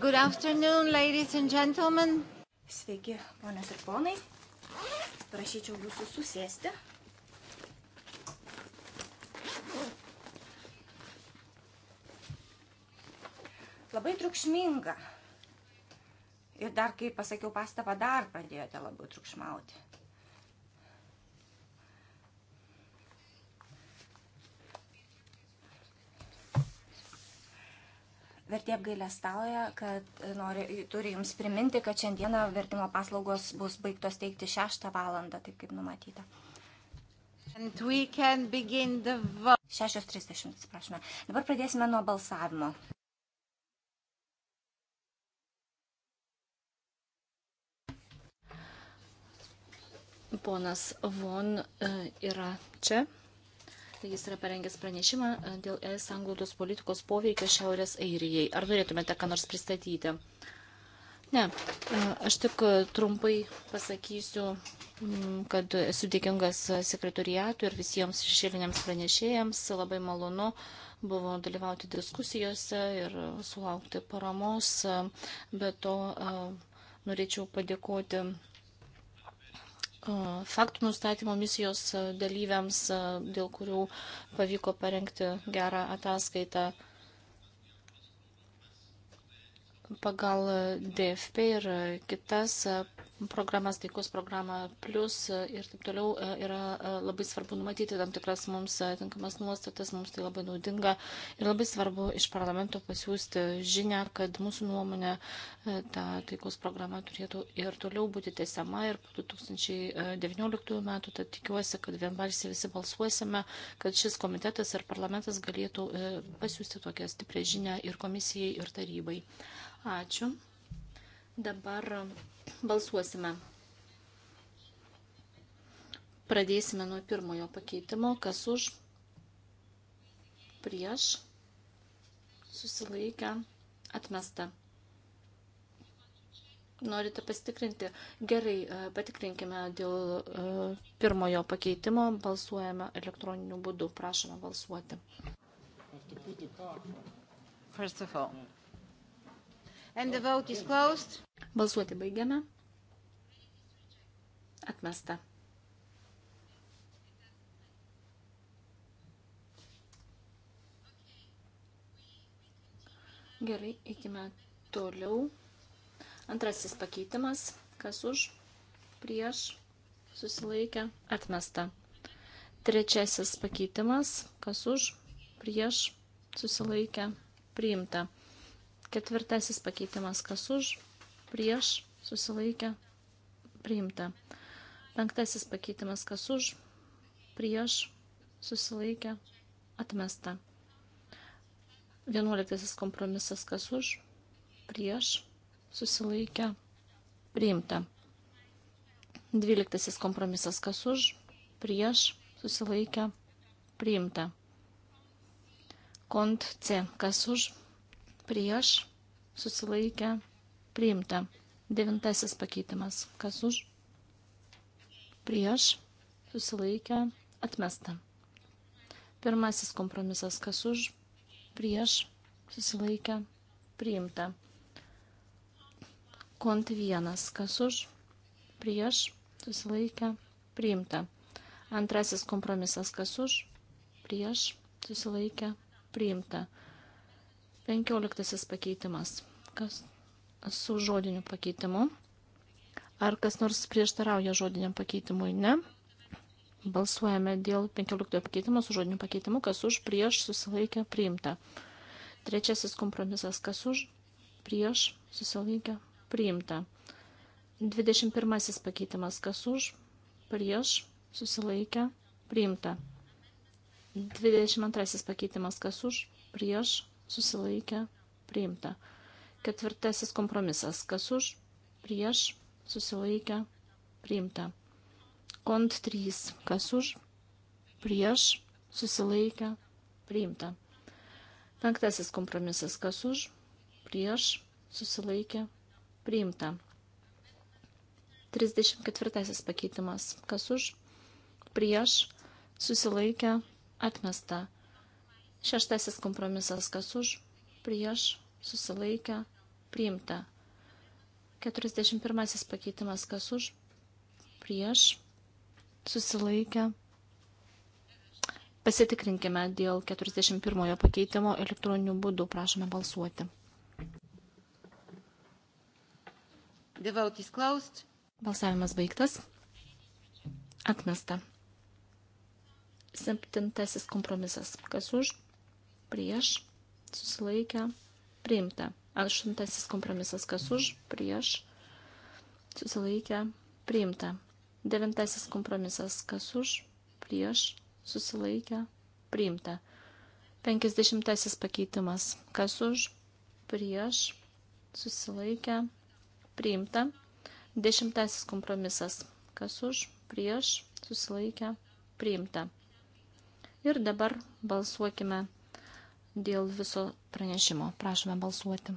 Good afternoon, ladies and gentlemen. Sveiki, ponios ir ponai. Prašyčiau jūsų susėsti. Labai triukšminga. Ir dar, kai pasakiau pastabą, dar pradėjote labiau triukšmauti. Vertė apgailestauja, kad e, nori, turi Jums priminti, kad šiandieną vertimo paslaugos bus baigtos teikti 6 valandą, taip kaip numatyta. 6.30, atsiprašome. Dabar pradėsime nuo balsavimo. Ponas Von e, yra čia. Tai jis yra parengęs pranešimą e, dėl ES anglaudos politikos poveikio Šiaurės Airijai. Ar norėtumėte ką nors pristatyti? Ne, e, aš tik e, trumpai pasakysiu, kad esu dėkingas sekretoriatui ir visiems šešėliniams pranešėjams. Labai malonu buvo dalyvauti diskusijose ir sulaukti paramos. Be to norėčiau padėkoti faktų nustatymo misijos dalyviams, dėl kurių pavyko parengti gerą ataskaitą pagal DFP ir kitas programas, taikos programą plus ir taip toliau e, yra e, labai svarbu numatyti tam tikras mums e, tinkamas nuostatas, mums tai labai naudinga ir labai svarbu iš parlamento pasiūsti žinę, kad mūsų nuomonė ta taikos programa turėtų ir toliau būti tęsiama ir po 2019 metų, tad tikiuosi, kad vienbalsiai visi balsuosime, kad šis komitetas ir parlamentas galėtų pasiūsti tokią stiprią žinę ir komisijai, ir tarybai. Ačiū. Dabar balsuosime. Pradėsime nuo pirmojo pakeitimo, kas už, prieš, susilaikę, atmesta. Norite pasitikrinti? Gerai, e, patikrinkime dėl e, pirmojo pakeitimo, balsuojame elektroniniu būdu, prašome balsuoti. First of all, And the vote is closed. Balsuoti baigiame. Atmesta. Gerai, eikime toliau. Antrasis pakeitimas. Kas už? Prieš. Susilaikę. Atmesta. Trečiasis pakeitimas. Kas už? Prieš. Susilaikę. Priimta. Ketvirtasis pakeitimas, kas už, prieš, susilaikė, priimta. Penktasis pakeitimas, kas už, prieš, susilaikė, atmesta. Vienuoliktasis kompromisas, kas už, prieš, susilaikė, priimta. Dvyliktasis kompromisas, kas už, prieš, susilaikę, priimta. Kont C, kas už, prieš, susilaikę, priimta. Devintasis pakeitimas. Kas už? Prieš, susilaikę, atmesta. Pirmasis kompromisas. Kas už? Prieš, susilaikę, priimta. Kont vienas. Kas už? Prieš, susilaikę, priimta. Antrasis kompromisas. Kas už? Prieš, susilaikę, priimta. Penkioliktasis pakeitimas. Kas su žodiniu pakeitimu? Ar kas nors prieštarauja žodiniam pakeitimui? Ne. Balsuojame dėl 15 pakeitimo su žodiniu pakeitimu, kas už prieš susilaikę priimta. Trečiasis kompromisas, kas už prieš susilaikę priimta. 21 pakeitimas, kas už prieš susilaikę priimta. 22 pakeitimas, kas už prieš susilaikė, priimta. Ketvirtasis kompromisas, kas už, prieš, susilaikė, priimta. Kont 3, kas už, prieš, susilaikė, priimta. Penktasis kompromisas, kas už, prieš, susilaikė, priimta. 34 pakeitimas, kas už, prieš, susilaikė, atmesta. Šeštasis kompromisas, kas už, prieš, susilaikę, priimta. 41 pakeitimas, kas už, prieš, susilaikę. Pasitikrinkime dėl 41 pakeitimo elektroniniu būdu. Prašome balsuoti. The vote is closed. Balsavimas baigtas. Atmesta. Septintasis kompromisas. Kas už? prieš, susilaikę, priimta. Aštuntasis kompromisas, kas už, prieš, susilaikę, priimta. Devintasis kompromisas, kas už, prieš, susilaikę, priimta. Penkisdešimtasis pakeitimas, kas už, prieš, susilaikę, priimta. Dešimtasis kompromisas, kas už, prieš, susilaikę, priimta. Ir dabar balsuokime dėl viso pranešimo. Prašome balsuoti.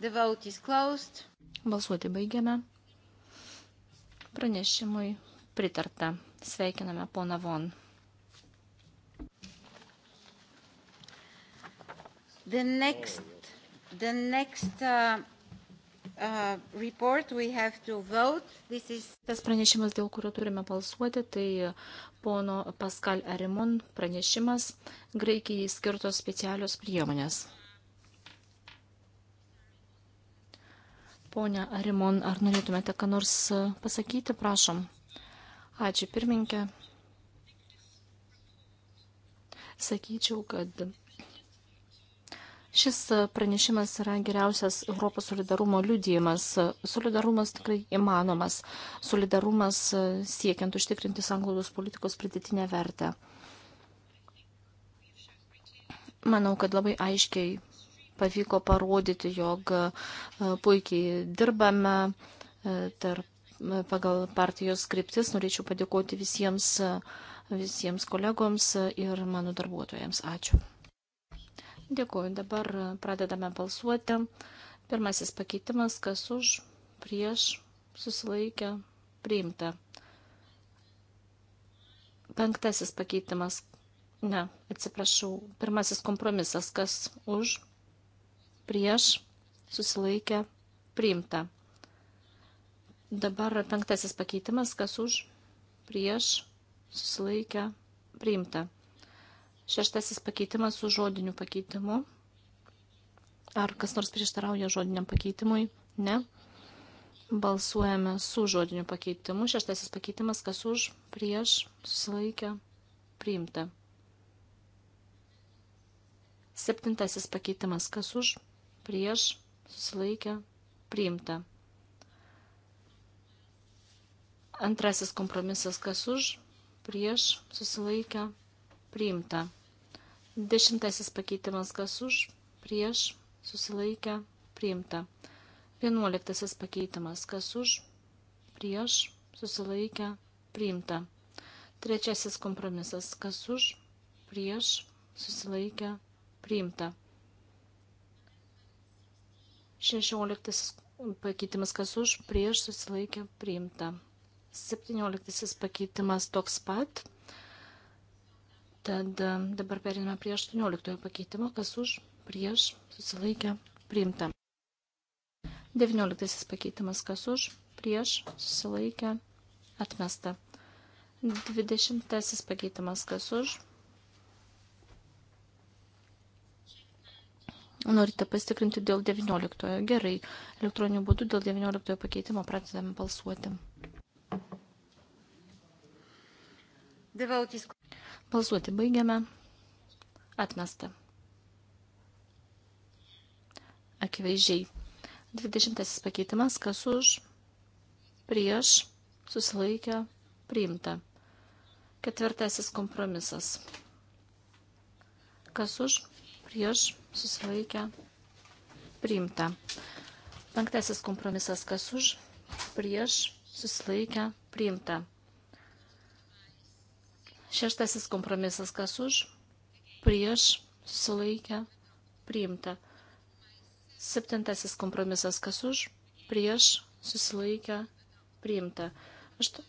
The vote is closed. Balsuoti baigiame. Pranešimui pritarta. Sveikiname poną Von. The next, the next uh, uh, report we have to vote. This is... Tas pranešimas, dėl kurio turime balsuoti, tai pono Paskal Arimon pranešimas Graikijai skirtos specialios priemonės. Pone Arimon, ar norėtumėte ką nors e, pasakyti, prašom. Ačiū pirminkė. Sakyčiau, kad Šis e, pranešimas yra geriausias Europos solidarumo liudijimas. Solidarumas tikrai įmanomas. Solidarumas e, siekiant užtikrinti sanglaudos politikos pridėtinę vertę. Manau, kad labai aiškiai pavyko parodyti, jog e, puikiai dirbame tarp, pagal partijos skriptis. Norėčiau padėkoti visiems, visiems kolegoms ir mano darbuotojams. Ačiū. Dėkuoju. Dabar pradedame balsuoti. Pirmasis pakeitimas, kas už, prieš, susilaikė, priimta. Penktasis pakeitimas, ne, atsiprašau, pirmasis kompromisas, kas už, prieš, susilaikė, priimta. Dabar penktasis pakeitimas, kas už, prieš, susilaikė, priimta. Šeštasis pakeitimas su žodiniu pakeitimu. Ar kas nors prieštarauja žodiniam pakeitimui? Ne. Balsuojame su žodiniu pakeitimu. Šeštasis pakeitimas, kas už, prieš, susilaikę, priimta. Septintasis pakeitimas, kas už, prieš, susilaikę, priimta. Antrasis kompromisas, kas už, prieš, susilaikę, priimta. Dešimtasis pakeitimas kas už, prieš, susilaikę, priimta. Vienuoliktasis pakeitimas kas už, prieš, susilaikę, priimta. Trečiasis kompromisas kas už, prieš, susilaikę, priimta. Šešioliktasis pakeitimas kas už, prieš, susilaikę, priimta. Septynioliktasis pakeitimas toks pat Tad e, dabar periname prie 18 pakeitimo, kas už, prieš, susilaikę, priimta. 19 pakeitimas, kas už, prieš, susilaikę, atmesta. 20 pakeitimas, kas už. Norite pasitikrinti dėl 19. Gerai, elektroniniu būdu dėl 19 pakeitimo pradedame balsuoti. Devotis. Balsuoti baigiame. Atmesta. Akivaizdžiai. 20 pakeitimas, kas už, prieš, susilaikę, priimta. Ketvirtasis kompromisas. Kas už, prieš, susilaikę, priimta. Penktasis kompromisas, kas už, prieš, susilaikę, priimta. Šeštasis kompromisas kas už, prieš, susilaikę, priimta. Septintasis kompromisas kas už, prieš, susilaikę, priimta. Aštu,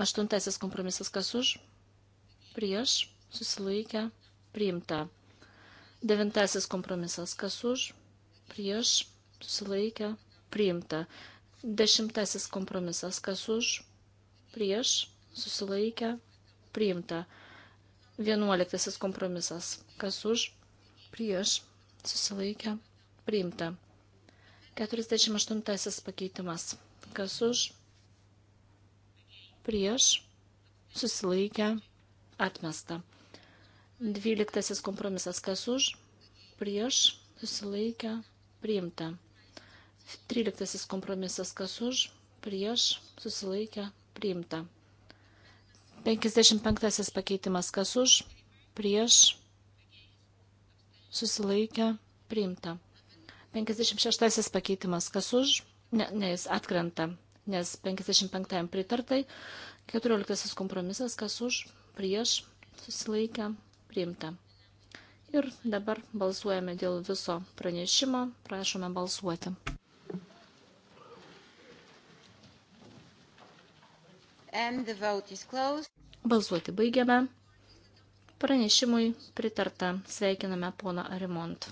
aštuntasis kompromisas kas už, prieš, susilaikę, priimta. Devintasis kompromisas kas už, prieš, susilaikę, priimta. Dešimtasis kompromisas kas už, prieš, susilaikę, priimta. Vienuoliktasis kompromisas. Kas už, prieš, susilaikę, priimta. 48 pakeitimas. Kas už, prieš, susilaikę, atmesta. 12 kompromisas. Kas už, prieš, susilaikę, priimta. 13 kompromisas. Kas už, prieš, susilaikę, priimta. 55 pakeitimas kas už, prieš, susilaikę, priimta. 56 pakeitimas kas už, ne, ne jis atkrenta, nes 55 pritartai, 14 kompromisas kas už, prieš, susilaikę, priimta. Ir dabar balsuojame dėl viso pranešimo, prašome balsuoti. Balsuoti baigiame. Pranešimui pritarta. Sveikiname poną Arimont.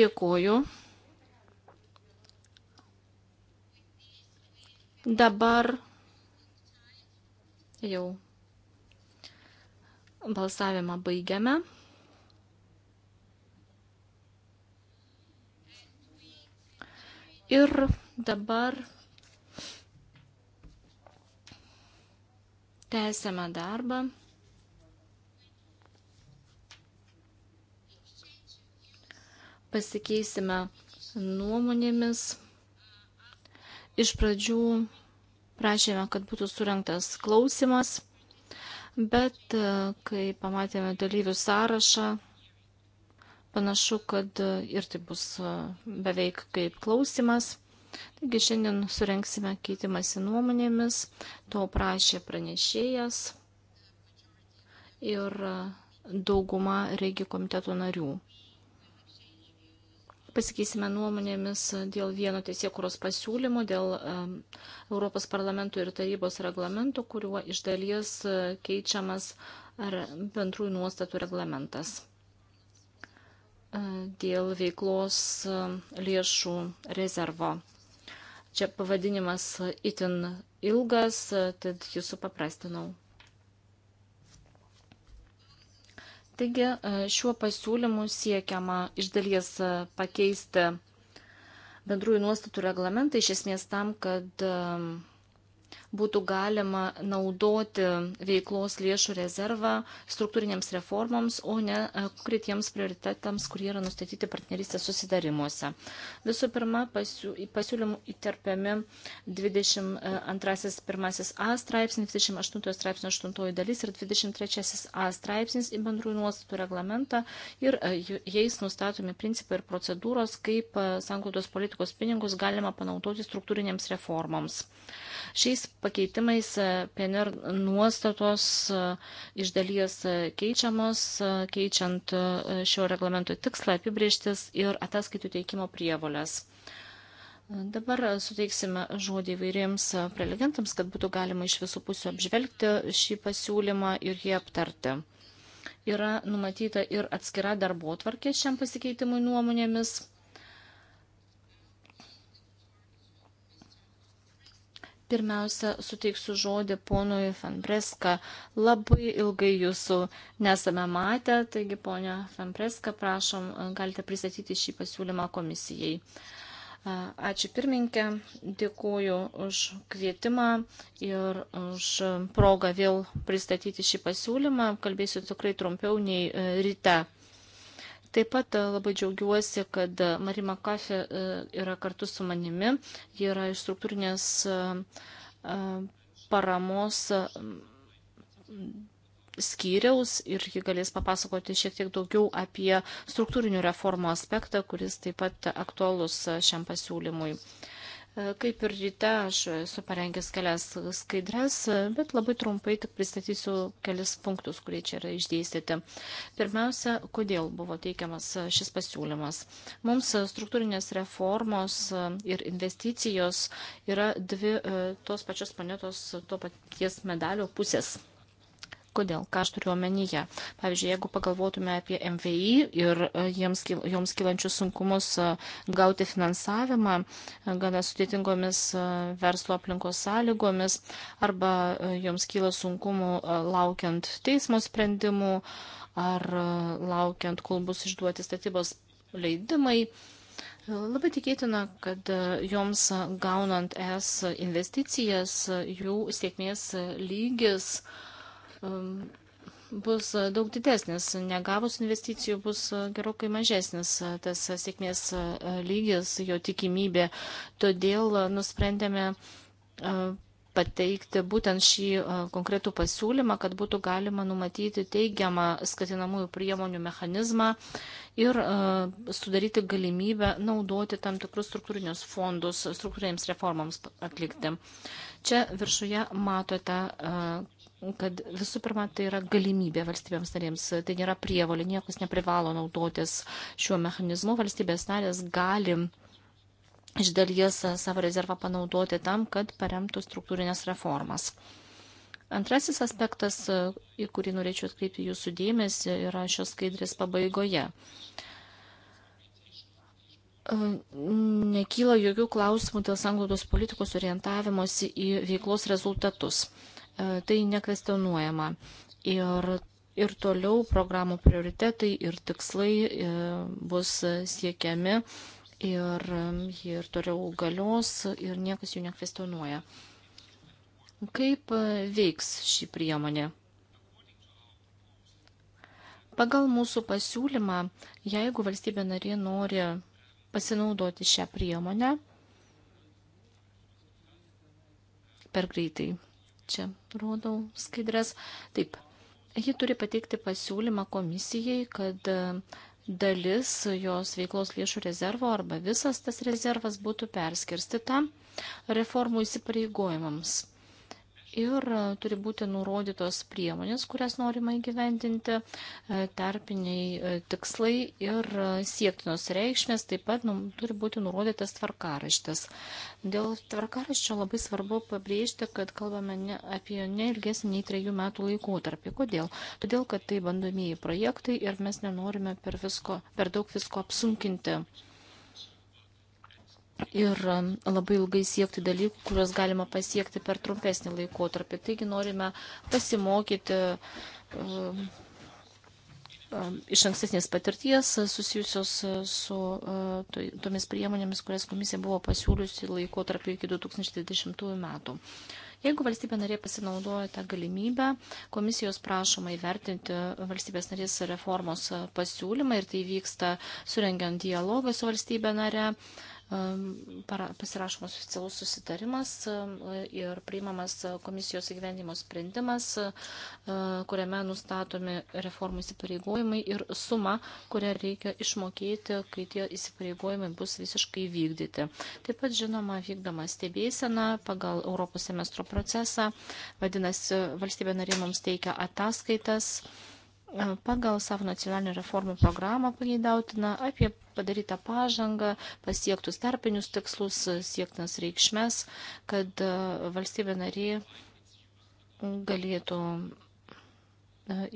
Dėkuoju. Dabar jau balsavimą baigiame. Ir dabar tęsiame darbą. Pasikeisime nuomonėmis. Iš pradžių prašėme, kad būtų surinktas klausimas, bet e, kai pamatėme dalyvių sąrašą, Panašu, kad e, ir tai bus e, beveik kaip klausimas. Taigi šiandien surenksime keitimąsi nuomonėmis, to prašė pranešėjas ir e, dauguma regi komiteto narių. Pasikeisime nuomonėmis dėl vieno teisėkuros pasiūlymo, dėl Europos parlamento ir tarybos reglamento, kuriuo iš dalies keičiamas bendrųjų nuostatų reglamentas dėl veiklos e, lėšų rezervo. Čia pavadinimas itin ilgas, e, tad jį supaprastinau. Taigi e, šiuo pasiūlymu siekiama iš dalies pakeisti bendrųjų nuostatų reglamentą iš esmės tam, kad būtų galima naudoti veiklos lėšų rezervą struktūrinėms reformoms, o ne e, konkretiems prioritetams, kurie yra nustatyti partnerystės susidarimuose. Visų pirma, pasiūlymų įterpiami 22.1a e, straipsnis, 28 straipsnio 8 dalis ir 23a straipsnis į bendrųjų nuostatų reglamentą ir e, jais nustatomi principai ir procedūros, kaip sanklaudos politikos pinigus galima panaudoti struktūrinėms reformoms. Šiais pakeitimais e, PNR nuostatos e, iš dalies e, keičiamos, keičiant šio reglamento tikslą apibrieštis ir ataskaitų teikimo prievolės. Dabar suteiksime žodį įvairiems prelegentams, kad būtų galima iš visų pusių apžvelgti šį pasiūlymą ir jį aptarti. Yra numatyta ir atskira darbo tvarkė šiam pasikeitimui nuomonėmis. Pirmiausia, suteiksiu žodį ponui Fanbreska. Labai ilgai jūsų nesame matę, taigi ponia Fanbreska, prašom, galite pristatyti šį pasiūlymą komisijai. Ačiū pirminkė, dėkuoju už kvietimą ir už progą vėl pristatyti šį pasiūlymą. Kalbėsiu tikrai trumpiau nei e, ryte Taip pat e, labai džiaugiuosi, kad e, Marima Kafė e, yra kartu su manimi. Ji yra iš struktūrinės paramos skyriaus ir ji galės papasakoti šiek tiek daugiau apie struktūrinių reformų aspektą, kuris taip pat aktuolus šiam pasiūlymui. E, kaip ir ryte, aš esu parengęs kelias skaidres, e, bet labai trumpai tik pristatysiu kelis punktus, kurie čia yra išdėstyti. Pirmiausia, kodėl buvo teikiamas e, šis pasiūlymas. Mums struktūrinės reformos ir investicijos yra dvi tos pačios planetos, to paties medalio pusės. Kodėl? Ką aš turiu omenyje? Pavyzdžiui, jeigu pagalvotume apie MVI ir e, jiems, joms kilančius sunkumus e, gauti finansavimą e, gana sudėtingomis verslo aplinkos sąlygomis arba joms kyla sunkumų laukiant teismo sprendimų ar laukiant, kol bus išduoti statybos leidimai. Labai tikėtina, kad joms gaunant es investicijas, jų sėkmės lygis uh, Um, bus daug didesnis. Negavus investicijų bus gerokai mažesnis tas sėkmės uh, lygis, jo tikimybė. Todėl nusprendėme uh, pateikti būtent šį uh, konkretų pasiūlymą, kad būtų galima numatyti teigiamą skatinamųjų priemonių mechanizmą ir sudaryti galimybę naudoti tam tikrus struktūrinius fondus struktūrinėms reformams atlikti. Čia viršuje matote, kad visų pirma tai yra galimybė valstybėms narėms, tai nėra prievolė, niekas neprivalo naudotis šiuo mechanizmu, valstybės narės gali iš dalies savo rezervą panaudoti tam, kad paremtų struktūrinės reformas. Antrasis aspektas, į kurį norėčiau atkreipti jūsų dėmesį, yra šios skaidrės pabaigoje nekyla jokių klausimų dėl sanglaudos politikos orientavimosi į veiklos rezultatus. E, tai nekvestionuojama. Ir, ir toliau programų prioritetai ir tikslai e, bus siekiami ir jie ir toliau galios ir niekas jų nekvestionuoja. Kaip e, veiks šį priemonę? Pagal mūsų pasiūlymą, jeigu valstybė narė nori pasinaudoti šią priemonę per greitai Čia rodau skaidrės. Taip, ji turi pateikti pasiūlymą komisijai, kad e, dalis jos veiklos lėšų rezervo arba visas tas rezervas būtų perskirstyta reformų įsipareigojimams ir e, turi būti nurodytos priemonės, kurias norima įgyvendinti, e, tarpiniai e, tikslai ir siektinos reikšmės, taip pat nu, turi būti nurodytas tvarkaraštis. Dėl tvarkaraščio labai svarbu pabrėžti, kad kalbame ne apie neilgesnį nei trejų metų laikotarpį. Kodėl? Todėl, kad tai bandomieji projektai ir mes nenorime per, visko, per daug visko apsunkinti ir um, labai ilgai siekti dalykų, kuriuos galima pasiekti per trumpesnį laikotarpį. Taigi norime pasimokyti um, um, iš ankstesnės patirties susijusios su uh, tomis priemonėmis, kurias komisija buvo pasiūliusi laikotarpį iki 2020 metų. Jeigu valstybė narė pasinaudoja tą galimybę, komisijos prašoma įvertinti valstybės narės reformos pasiūlymą ir tai vyksta surengiant dialogą su valstybė nare, pasirašomas oficialus susitarimas ir priimamas komisijos įgyvendimo sprendimas, e, kuriame nustatomi reformų įsipareigojimai ir suma, kurią reikia išmokėti, kai tie įsipareigojimai bus visiškai vykdyti. Taip pat, žinoma, vykdoma stebėsena pagal Europos semestro procesą, vadinasi, valstybė narė mums teikia ataskaitas e, pagal savo nacionalinę reformų programą pageidautina apie padarytą pažangą, pasiektus tarpinius tikslus, siektinas reikšmes, kad e, valstybė narė galėtų e,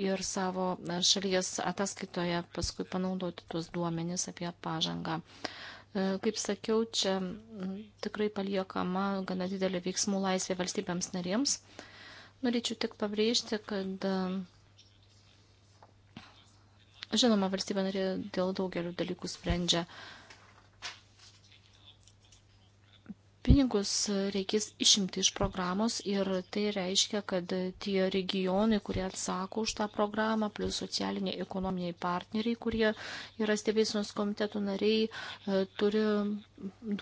ir savo šalies ataskaitoje paskui panaudoti tuos duomenis apie pažangą. E, kaip sakiau, čia tikrai paliekama gana didelė veiksmų laisvė valstybėms narėms. Norėčiau tik pabrėžti, kad Žinoma, valstybė narė dėl daugelių dalykų sprendžia. Pinigus reikės išimti iš programos ir tai reiškia, kad tie regionai, kurie atsako už tą programą, plus socialiniai, ekonominiai partneriai, kurie yra stebėsinos komitetų nariai, e, turi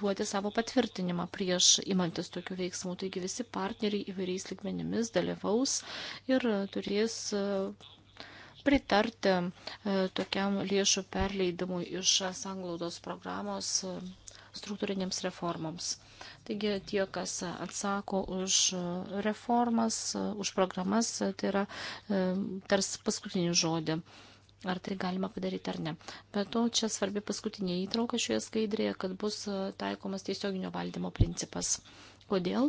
duoti savo patvirtinimą prieš imantis tokių veiksmų. Taigi visi partneriai įvairiais ligmenimis dalyvaus ir turės e, pritarti e, tokiam lėšų perleidimui iš sanglaudos programos e, struktūrinėms reformoms. Taigi tie, kas atsako už reformas, už programas, tai yra e, tarsi paskutinį žodį. Ar tai galima padaryti ar ne. Bet to čia svarbi paskutinė įtrauka šioje skaidrėje, kad bus taikomas tiesioginio valdymo principas. Kodėl?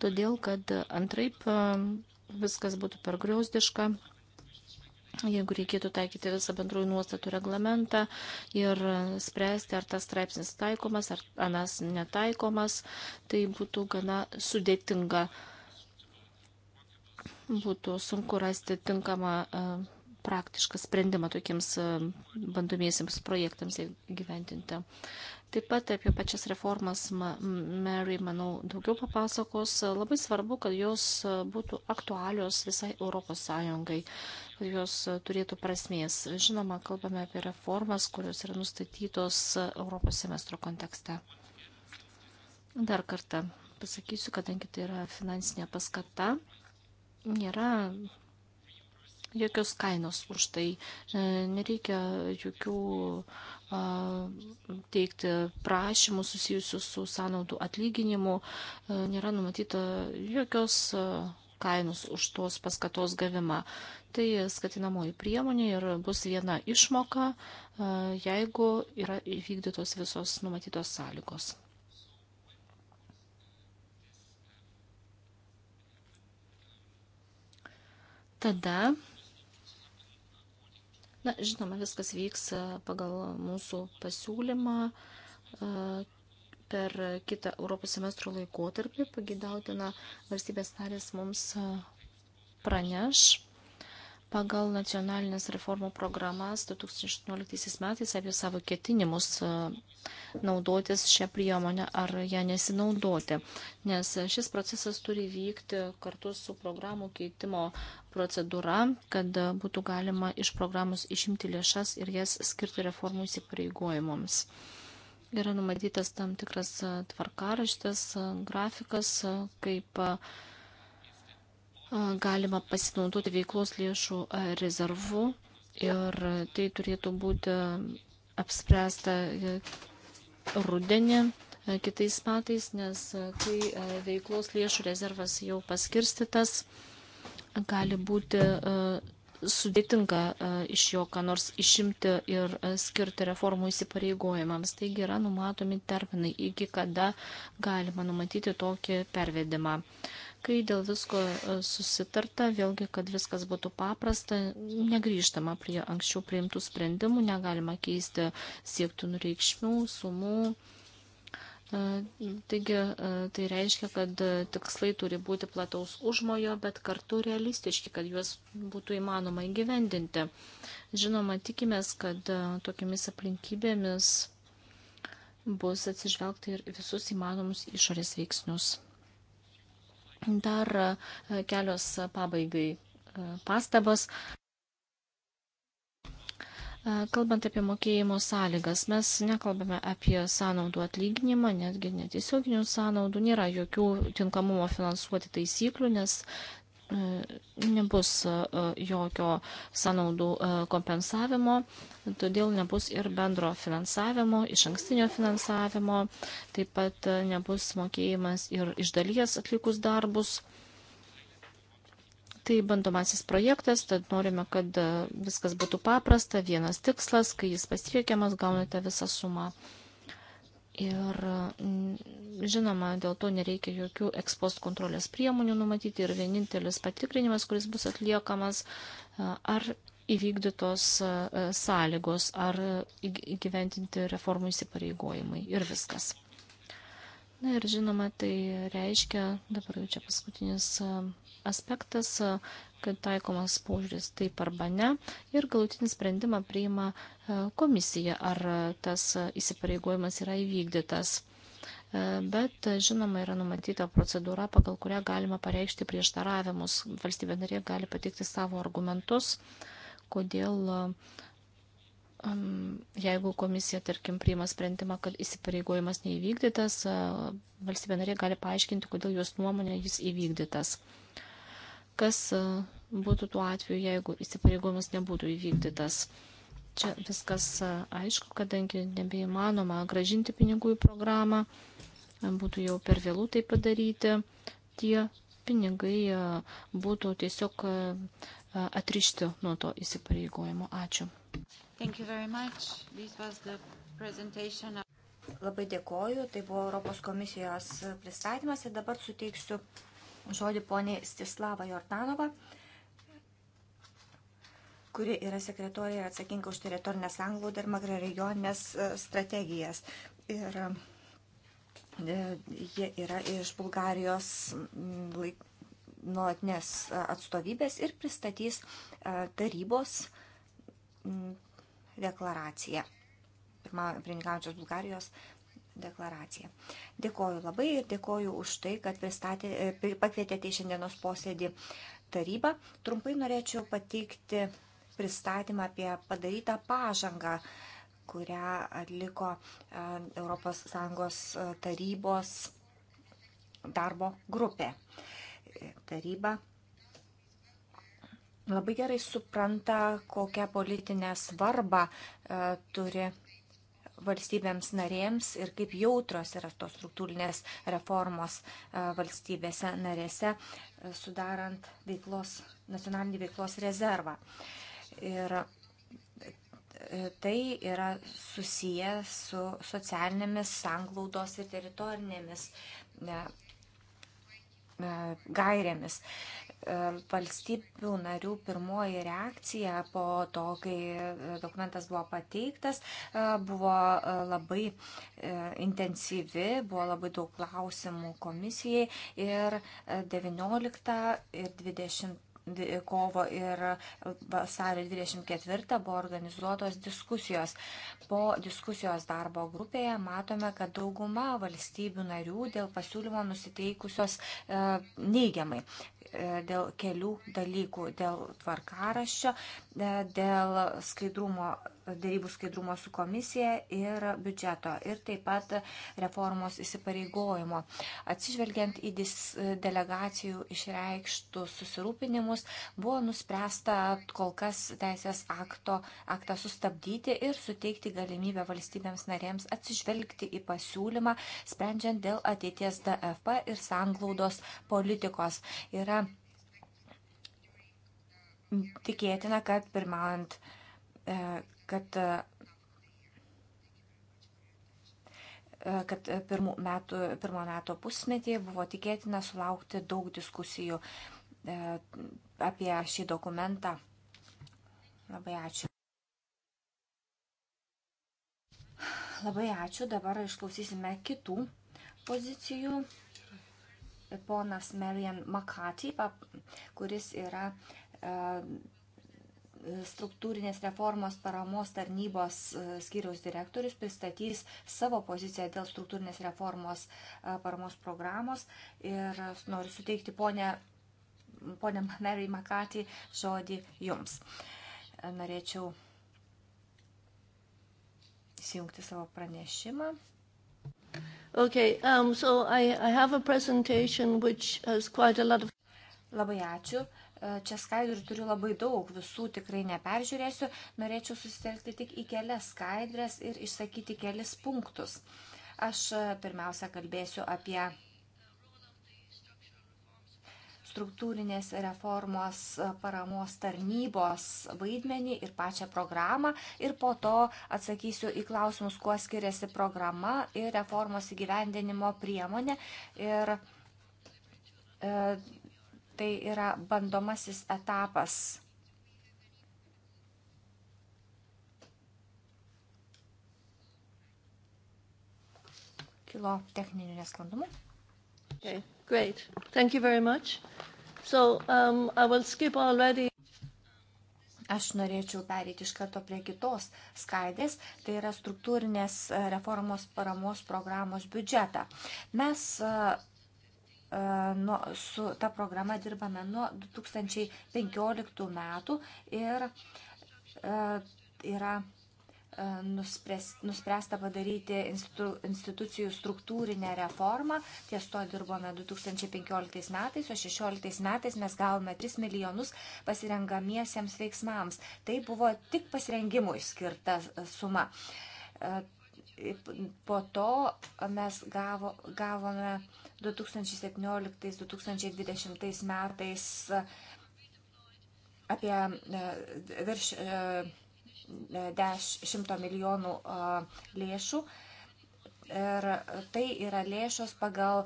Todėl, kad antraip viskas būtų pergriausdiška, jeigu reikėtų taikyti visą bendrųjų nuostatų reglamentą ir spręsti, ar tas straipsnis taikomas, ar anas netaikomas, tai būtų gana sudėtinga. Būtų sunku rasti tinkamą e, praktišką sprendimą tokiems e, bandomiesiams projektams gyventinti. Taip pat apie pačias reformas Mary, manau, daugiau papasakos. Labai svarbu, kad jos būtų aktualios visai Europos Sąjungai, kad jos turėtų prasmės. Žinoma, kalbame apie reformas, kurios yra nustatytos Europos semestro kontekste. Dar kartą pasakysiu, kadangi tai yra finansinė paskata, nėra jokios kainos už tai. E, nereikia jokių teikti prašymų susijusių su sąnaudų atlyginimu. E, nėra numatyta jokios kainos už tos paskatos gavimą. Tai skatinamoji priemonė ir bus viena išmoka, jeigu yra įvykdytos visos numatytos sąlygos. Tada Na, žinoma, viskas vyks e, pagal mūsų pasiūlymą e, per kitą Europos semestro laikotarpį. Pagidautina valstybės narės mums e, praneš pagal nacionalinės reformų programas 2018 metais apie savo ketinimus e, naudotis šią priemonę ar ją nesinaudoti, nes šis procesas turi vykti kartu su programų keitimo procedūra, kad būtų galima iš programos išimti lėšas ir jas skirti reformų įsipareigojimams. Yra numatytas tam tikras tvarkaraštis, grafikas, kaip galima pasinaudoti veiklos lėšų rezervu ir tai turėtų būti apspręsta e, rudenį e, kitais metais, nes e, kai veiklos lėšų rezervas jau paskirstytas, gali būti sudėtinga iš jo ką nors išimti ir skirti reformų įsipareigojimams. Taigi yra numatomi terminai, iki kada galima numatyti tokį pervedimą. Kai dėl visko e, susitarta, vėlgi, kad viskas būtų paprasta, negrįžtama prie anksčiau priimtų sprendimų, negalima keisti siektinų reikšmių, sumų. E, taigi e, tai reiškia, kad tikslai turi būti plataus užmojo, bet kartu realistiški, kad juos būtų įmanoma įgyvendinti. Žinoma, tikimės, kad tokiamis aplinkybėmis bus atsižvelgta ir visus įmanomus išorės veiksnius. Dar e, kelios pabaigai e, pastabos. E, kalbant apie mokėjimo sąlygas, mes nekalbame apie sąnaudų atlyginimą, netgi netiesioginių sąnaudų, nėra jokių tinkamumo finansuoti taisyklių, nes Mm, nebus e, e, jokio sanaudų e, kompensavimo, todėl nebus ir bendro finansavimo, iš ankstinio finansavimo, taip pat nebus mokėjimas ir iš dalies atlikus darbus. Tai bandomasis projektas, tad norime, kad viskas būtų paprasta, vienas tikslas, kai jis pasiekiamas, gaunate visą sumą. Ir mm, žinoma, dėl to nereikia jokių ekspost kontrolės priemonių numatyti ir vienintelis patikrinimas, kuris bus atliekamas, e, ar įvykdytos e, sąlygos, ar įgyventinti reformų įsipareigojimai ir viskas. Na ir žinoma, tai reiškia, dabar jau čia paskutinis e, aspektas, kad taikomas požiūris taip arba ne ir galutinį sprendimą priima e, komisija, ar tas įsipareigojimas yra įvykdytas. E, bet, žinoma, yra numatyta procedūra, pagal kurią galima pareikšti prieštaravimus. Valstybė narė gali pateikti savo argumentus, kodėl jeigu komisija, tarkim, priima sprendimą, kad įsipareigojimas neįvykdytas, e, valstybė narė gali paaiškinti, kodėl jos nuomonė jis įvykdytas. Kas e, būtų tuo atveju, jeigu įsipareigojimas nebūtų įvykdytas? Čia viskas e, aišku, kadangi nebeįmanoma gražinti pinigų į programą, e, būtų jau per vėlų tai padaryti. Tie pinigai būtų tiesiog atrišti nuo to įsipareigojimo. Ačiū. Labai dėkoju, tai buvo Europos komisijos pristatymas ir dabar suteiksiu žodį poniai Stislava Jordanova, kuri yra sekretorija ir atsakinga už teritorinę sanglaudą ir magraregioninės e, strategijas. Ir e, jie yra iš Bulgarijos laik, nuolatinės e, atstovybės ir pristatys tarybos deklaraciją. Pirmą, pirmininkaujančios Bulgarijos deklaraciją. Dėkoju labai ir dėkoju už tai, kad pristatė, e, pakvietėte į šiandienos posėdį tarybą. Trumpai norėčiau pateikti pristatymą apie padarytą pažangą kurią atliko ES e, tarybos darbo grupė. E, taryba labai gerai supranta, kokią politinę svarbą turi valstybėms narėms ir kaip jautros yra tos struktūrinės reformos e, valstybėse narėse, e, sudarant veiklos, nacionalinį veiklos rezervą. Ir e, tai yra susiję su socialinėmis sanglaudos ir teritorinėmis gairėmis valstybių narių pirmoji reakcija po to, kai e, dokumentas buvo pateiktas, e, buvo e, labai intensyvi, buvo labai daug klausimų komisijai ir 19 ir 20 kovo ir vasario 24 buvo organizuotos diskusijos. Po diskusijos darbo grupėje matome, kad dauguma valstybių narių dėl pasiūlymo nusiteikusios neigiamai. E, dėl kelių dalykų, dėl tvarkaraščio, e, dėl skaidrumo, darybų skaidrumo su komisija ir biudžeto ir taip pat reformos įsipareigojimo. Atsižvelgiant į delegacijų išreikštus susirūpinimus, buvo nuspręsta kol kas teisės akto, aktą sustabdyti ir suteikti galimybę valstybėms narėms atsižvelgti į pasiūlymą, sprendžiant dėl ateities DFP ir sanglaudos politikos. Yra tikėtina, kad pirmaujant, e, kad e, kad pirmų metų, pirmo meto pusmetį buvo tikėtina sulaukti daug diskusijų e, apie šį dokumentą. Labai ačiū. Labai ačiū. Dabar išklausysime kitų pozicijų ponas Marian Makati, kuris yra e, struktūrinės reformos paramos tarnybos e, skyriaus direktorius pristatys savo poziciją dėl struktūrinės reformos e, paramos programos. Ir noriu suteikti ponę, ponę Mary Makatį žodį jums. Norėčiau įsijungti savo pranešimą. Okay, um, so I, I have a presentation which has quite a lot of... Labai ačiū. E, čia skaidrių turiu labai daug, visų tikrai neperžiūrėsiu. Norėčiau susitelkti tik į kelias skaidrės ir išsakyti kelis punktus. Aš e, pirmiausia kalbėsiu apie struktūrinės reformos e, paramos tarnybos vaidmenį ir pačią programą ir po to atsakysiu į klausimus, kuo skiriasi programa ir reformos įgyvendinimo priemonė. Ir e, tai yra bandomasis etapas. Kilo techninių nesklandumų. Okay. Great. Thank you very much. So, um, I will skip already. Aš norėčiau pereiti iš karto prie kitos skaidės, tai yra struktūrinės e, reformos paramos programos biudžetą. Mes nu, su ta programa dirbame nuo 2015 metų ir yra E, nuspręsta padaryti institucijų struktūrinę reformą. Ties to dirbome 2015 metais, o 2016 metais mes gavome 3 milijonus pasirengamiesiems veiksmams. Tai buvo tik pasirengimui skirta e, suma. E, po to mes gavo, gavome 2017-2020 metais apie virš 100 milijonų lėšų. Ir tai yra lėšos pagal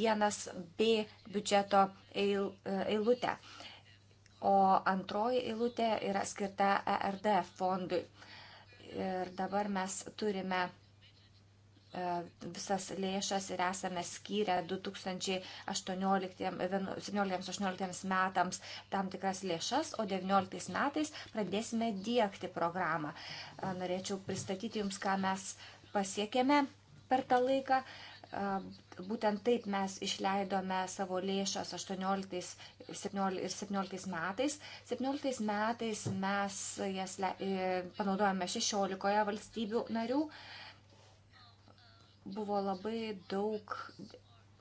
vienas B biudžeto e, eilutę. O antroji eilutė yra skirta ERD fondui. Ir dabar mes turime E, visas lėšas ir esame skyrę 2017-2018 metams tam tikras lėšas, o 2019 metais pradėsime dėkti programą. E, norėčiau pristatyti Jums, ką mes pasiekėme per tą laiką. E, būtent taip mes išleidome savo lėšas 18 ir 17 metais. 17 metais mes jas panaudojame 16 valstybių narių buvo labai daug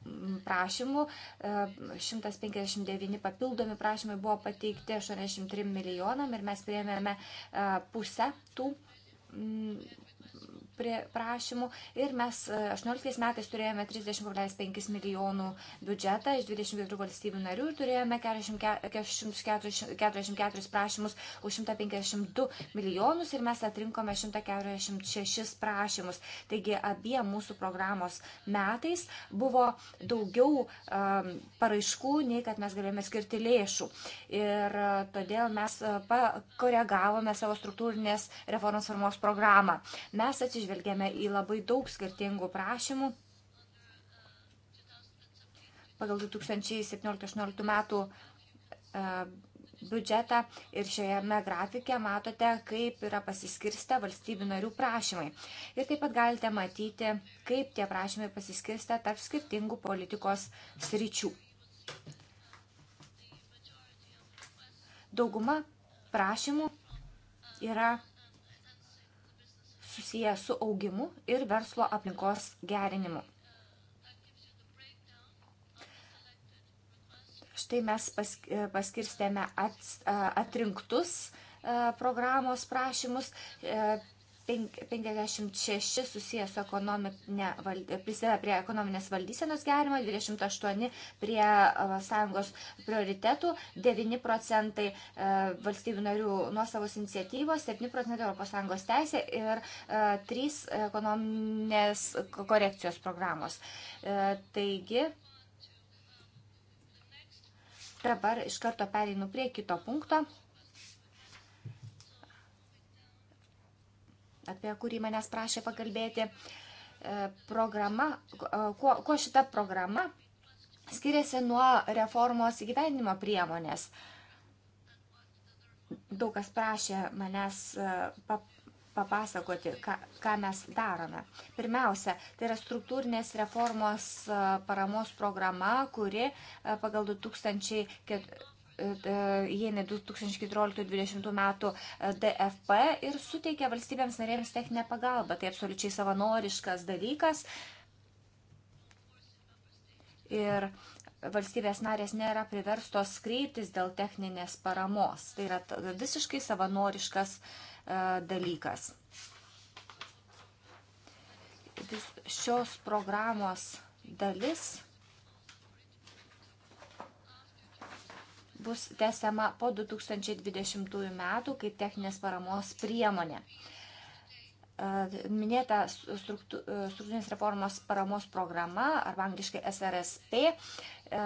mm, prašymų, 159 e, papildomi prašymai buvo pateikti 83 milijonam ir mes prieėmėme e, pusę tų mm, prašymų ir mes 18 e, metais turėjome 30,5 milijonų biudžetą iš 24 valstybių narių ir turėjome 44 prašymus už 152 milijonus ir mes atrinkome 146 prašymus. Taigi abiem mūsų programos metais buvo daugiau um, paraiškų, nei kad mes galėjome skirti lėšų. Ir e, todėl mes e, pakoregavome savo struktūrinės reformos formos programą. Mes atsižvelgėme atsižvelgėme į labai daug skirtingų prašymų. Pagal 2017-2018 metų e, biudžetą ir šioje grafike matote, kaip yra pasiskirsta valstybių narių prašymai. Ir taip pat galite matyti, kaip tie prašymai pasiskirsta tarp skirtingų politikos sričių. Dauguma prašymų yra susiję su augimu ir verslo aplinkos gerinimu. Štai mes paskirstėme atrinktus e, programos prašymus. E, 56 susijęs su ekonominė, prisideda prie ekonominės valdysenos gerimo, 28 prie e, sąjungos prioritetų, 9 procentai e, valstybių narių nuosavos iniciatyvos, 7 procentai ES teisė ir 3 e, ekonominės korekcijos programos. Taigi, dabar iš karto pereinu prie kito punkto. apie kurį manęs prašė pakalbėti. E, programa, e, kuo, kuo šita programa skiriasi nuo reformos įgyvenimo priemonės. Daug kas prašė manęs e, papasakoti, ką, ką mes darome. Pirmiausia, tai yra struktūrinės reformos paramos programa, kuri pagal 2004 įeina 2014-2020 metų e, DFP ir suteikia valstybėms narėms techninę pagalbą. Tai absoliučiai savanoriškas dalykas. Ir valstybės narės nėra priverstos kreiptis dėl techninės paramos. Tai yra visiškai savanoriškas e, dalykas. Vis šios programos dalis bus tęsiama po 2020 metų kaip techninės paramos priemonė. E, minėta e, struktūrinės reformos paramos programa, arba angliškai SRSP, e,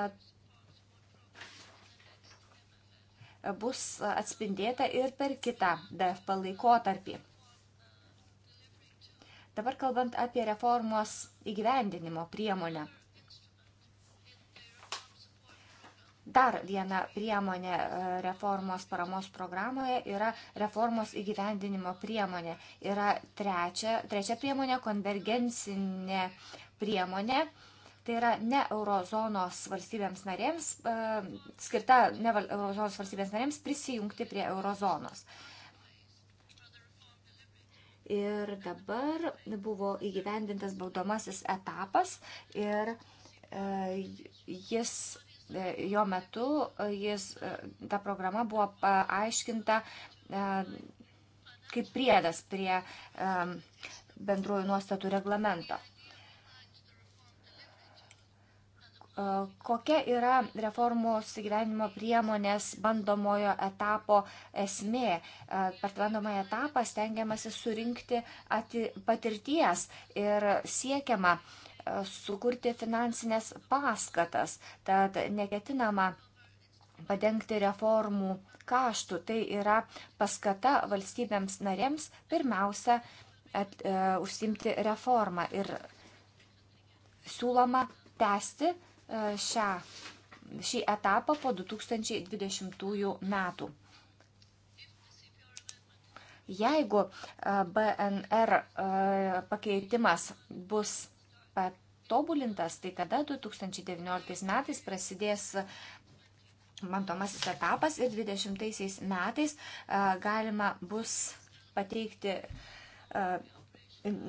bus atspindėta ir per kitą DFP laikotarpį. Dabar kalbant apie reformos įgyvendinimo priemonę. Dar viena priemonė e, reformos paramos programoje yra reformos įgyvendinimo priemonė. Yra trečia, trečia priemonė - konvergencinė priemonė. Tai yra ne eurozonos valstybėms narėms, e, skirta ne eurozonos valstybėms narėms prisijungti prie eurozonos. Ir dabar buvo įgyvendintas baudomasis etapas ir e, jis E, jo metu e, jis, e, ta programa buvo paaiškinta kaip priedas prie bendruoju nuostatų reglamento. Kokia yra reformos įgyvenimo priemonės bandomojo etapo esmė? Per bandomąją etapą stengiamasi surinkti patirties ir siekiama uh, sukurti finansinės paskatas, tad neketinama padengti reformų kaštų. Tai yra paskata valstybėms narėms pirmiausia at, e, užsimti reformą ir siūloma tęsti e, šią, šį etapą po 2020 metų. Jeigu e, BNR e, pakeitimas bus patobulintas, tai tada 2019 metais prasidės bandomasis etapas ir 2020 metais galima bus pateikti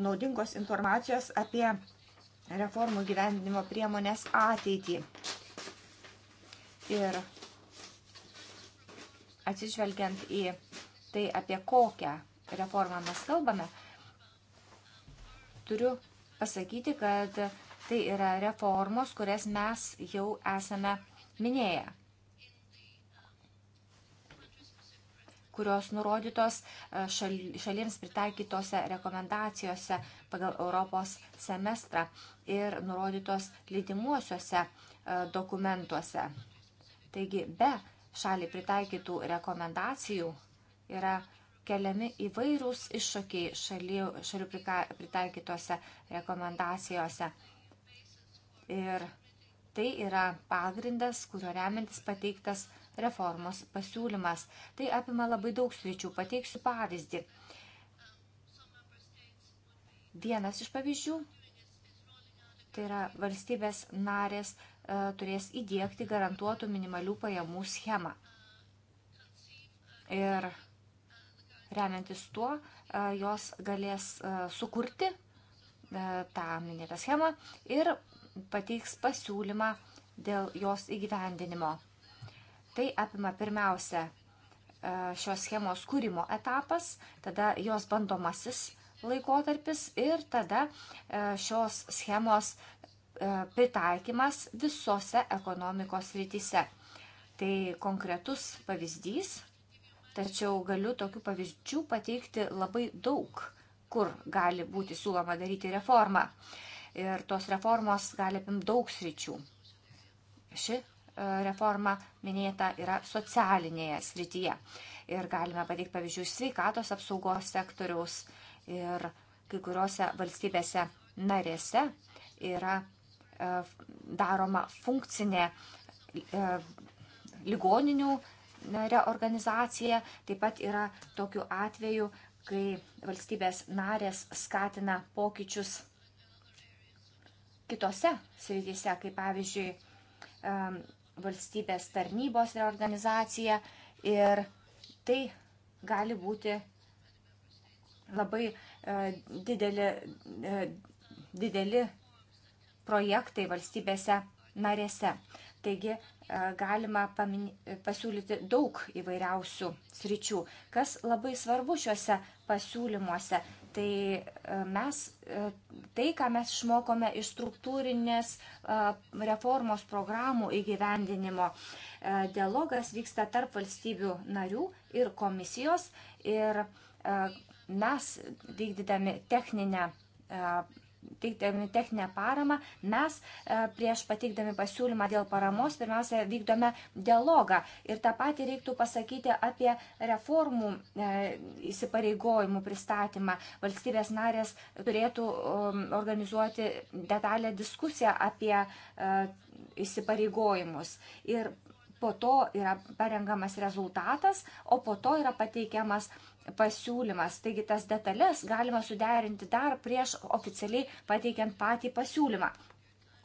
naudingos informacijos apie reformų gyvendinimo priemonės ateitį. Ir atsižvelgiant į tai, apie kokią reformą mes kalbame, turiu pasakyti, kad tai yra reformos, kurias mes jau esame minėję, kurios nurodytos e, šal, šalims pritaikytose rekomendacijose pagal Europos semestrą ir nurodytos lydimuosiuose e, dokumentuose. Taigi, be šaliai pritaikytų rekomendacijų yra keliami įvairūs iššūkiai šalių, šalių pritaikytose rekomendacijose. Ir tai yra pagrindas, kurio remiantis pateiktas reformos pasiūlymas. Tai apima labai daug sričių. Pateiksiu pavyzdį. Vienas iš pavyzdžių tai yra valstybės narės e, turės įdėkti garantuotų minimalių pajamų schemą. Ir Remiantis tuo, e, jos galės e, sukurti e, tą minėtą schemą ir pateiks pasiūlymą dėl jos įgyvendinimo. Tai apima pirmiausia šios schemos kūrimo etapas, tada jos bandomasis laikotarpis ir tada šios schemos pritaikymas visose ekonomikos rytise. Tai konkretus pavyzdys tačiau galiu tokių pavyzdžių pateikti labai daug, kur gali būti siūloma daryti reformą. Ir tos reformos gali apimti daug sričių. Ši e, reforma minėta yra socialinėje srityje. Ir galime pateikti pavyzdžių iš sveikatos apsaugos sektoriaus ir kai kuriuose valstybėse narėse yra e, daroma funkcinė e, ligoninių reorganizacija taip pat yra tokiu atveju, kai valstybės narės skatina pokyčius kitose srityse, kaip pavyzdžiui valstybės tarnybos reorganizacija ir tai gali būti labai e, dideli, e, dideli projektai valstybėse narėse. Taigi E, galima pasiūlyti daug įvairiausių sričių. Kas labai svarbu šiuose pasiūlymuose, tai e, mes e, tai, ką mes išmokome iš struktūrinės reformos programų įgyvendinimo. Dialogas vyksta tarp valstybių narių ir komisijos ir mes vykdydami techninę teikdami techninę paramą, mes e, prieš pateikdami pasiūlymą dėl paramos pirmiausia vykdome dialogą. Ir tą patį reiktų pasakyti apie reformų e, įsipareigojimų pristatymą. Valstybės narės turėtų um, organizuoti detalę diskusiją apie e, įsipareigojimus. Ir po to yra parengamas rezultatas, o po to yra pateikiamas pasiūlymas. Taigi tas detalės galima suderinti dar prieš oficialiai pateikiant patį pasiūlymą.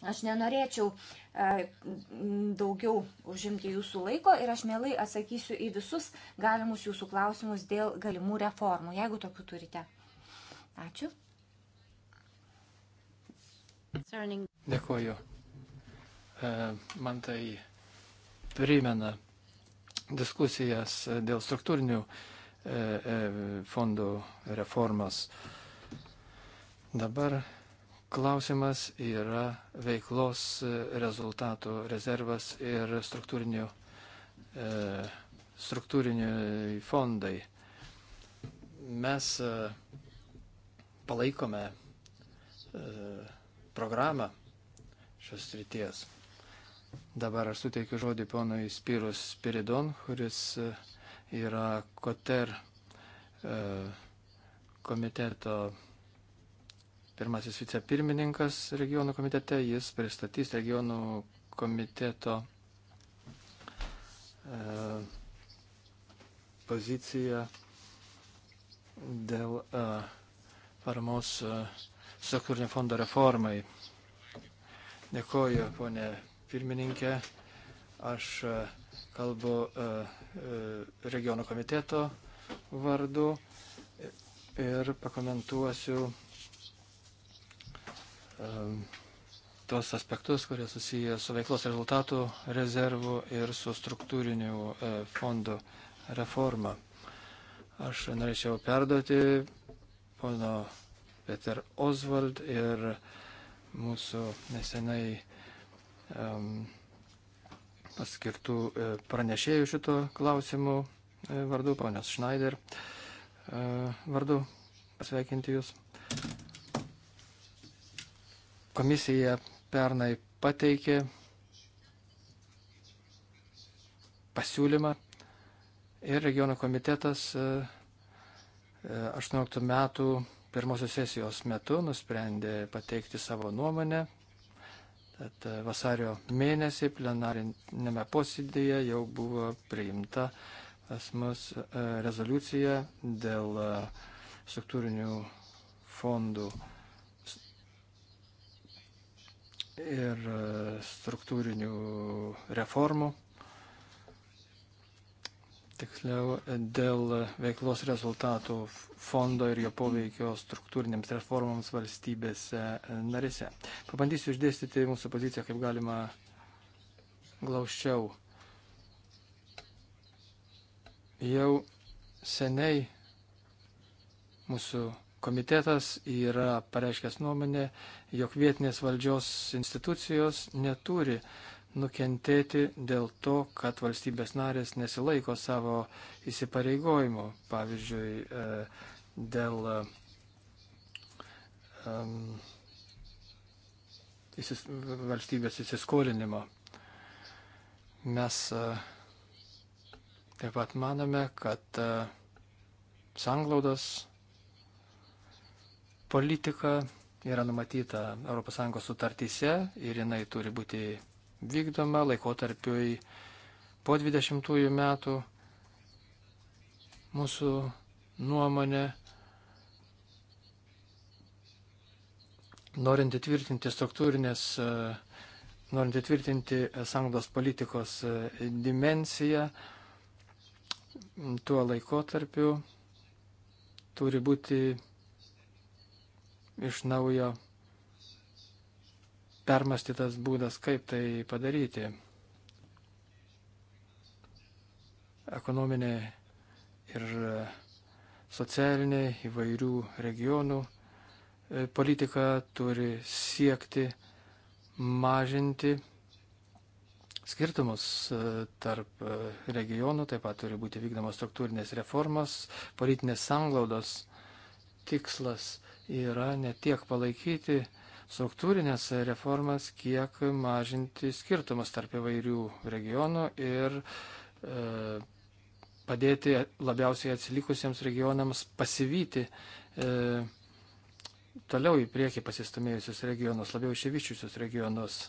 Aš nenorėčiau e, daugiau užimti jūsų laiko ir aš mielai atsakysiu į visus galimus jūsų klausimus dėl galimų reformų, jeigu tokių turite. Ačiū. Dėkuoju. E, man tai primena diskusijas dėl struktūrinių e, e, fondų reformos. Dabar klausimas yra veiklos e, rezultatų rezervas ir struktūrinių, struktūriniai fondai. Mes palaikome programą šios ryties. Dabar aš suteikiu žodį ponui Spyrus Spiridon, kuris e, yra Koter e, komiteto pirmasis vicepirmininkas regionų komitete. Jis pristatys regionų komiteto e, poziciją dėl paramos struktūrinio fondo reformai. Dėkoju, ponė pirmininkė. Aš e, kalbu e, e, regionų komiteto vardu ir pakomentuosiu tuos aspektus, kurie susiję su veiklos rezultatų rezervu ir su struktūriniu fondu reforma. Aš norėčiau perduoti pono Peter Oswald ir mūsų nesenai paskirtų e, pranešėjų šito klausimu e, vardu, ponios Schneider e, vardu, pasveikinti Jūs. Komisija pernai pateikė pasiūlymą ir regionų komitetas 18 metų pirmosios sesijos metu nusprendė pateikti savo nuomonę Tad e, vasario mėnesį plenarinėme posėdėje jau buvo priimta pas mus e, rezoliucija dėl e, struktūrinių fondų ir struktūrinių reformų tiksliau dėl veiklos rezultatų fondo ir jo poveikio struktūrinėms reformams valstybėse narise. Pabandysiu išdėstyti mūsų poziciją kaip galima glaučiau. Jau seniai mūsų komitetas yra pareiškęs nuomonę, jog vietinės valdžios institucijos neturi uh, nukentėti dėl to, kad valstybės narės nesilaiko savo įsipareigojimo, pavyzdžiui, e, dėl um, įsis, valstybės įsiskolinimo. Mes uh, taip pat manome, kad uh, sanglaudos politika yra numatyta ES sutartyse ir jinai turi būti vykdoma laikotarpiui po 20 metų. Mūsų nuomonė, norint įtvirtinti struktūrinės, e, norint įtvirtinti sanglos politikos e, dimenciją, tuo laikotarpiu turi būti iš naujo permastytas būdas, kaip tai padaryti. Ekonominė ir socialinė įvairių regionų e, politika turi siekti mažinti skirtumus e, tarp e, regionų, taip pat turi būti vykdomos struktūrinės reformos, politinės sanglaudos tikslas yra ne tiek palaikyti struktūrinės reformas, kiek mažinti skirtumus tarp įvairių regionų ir e, padėti labiausiai atsilikusiems regionams pasivyti e, toliau į priekį pasistumėjusius regionus, labiau išsivyščiusius regionus.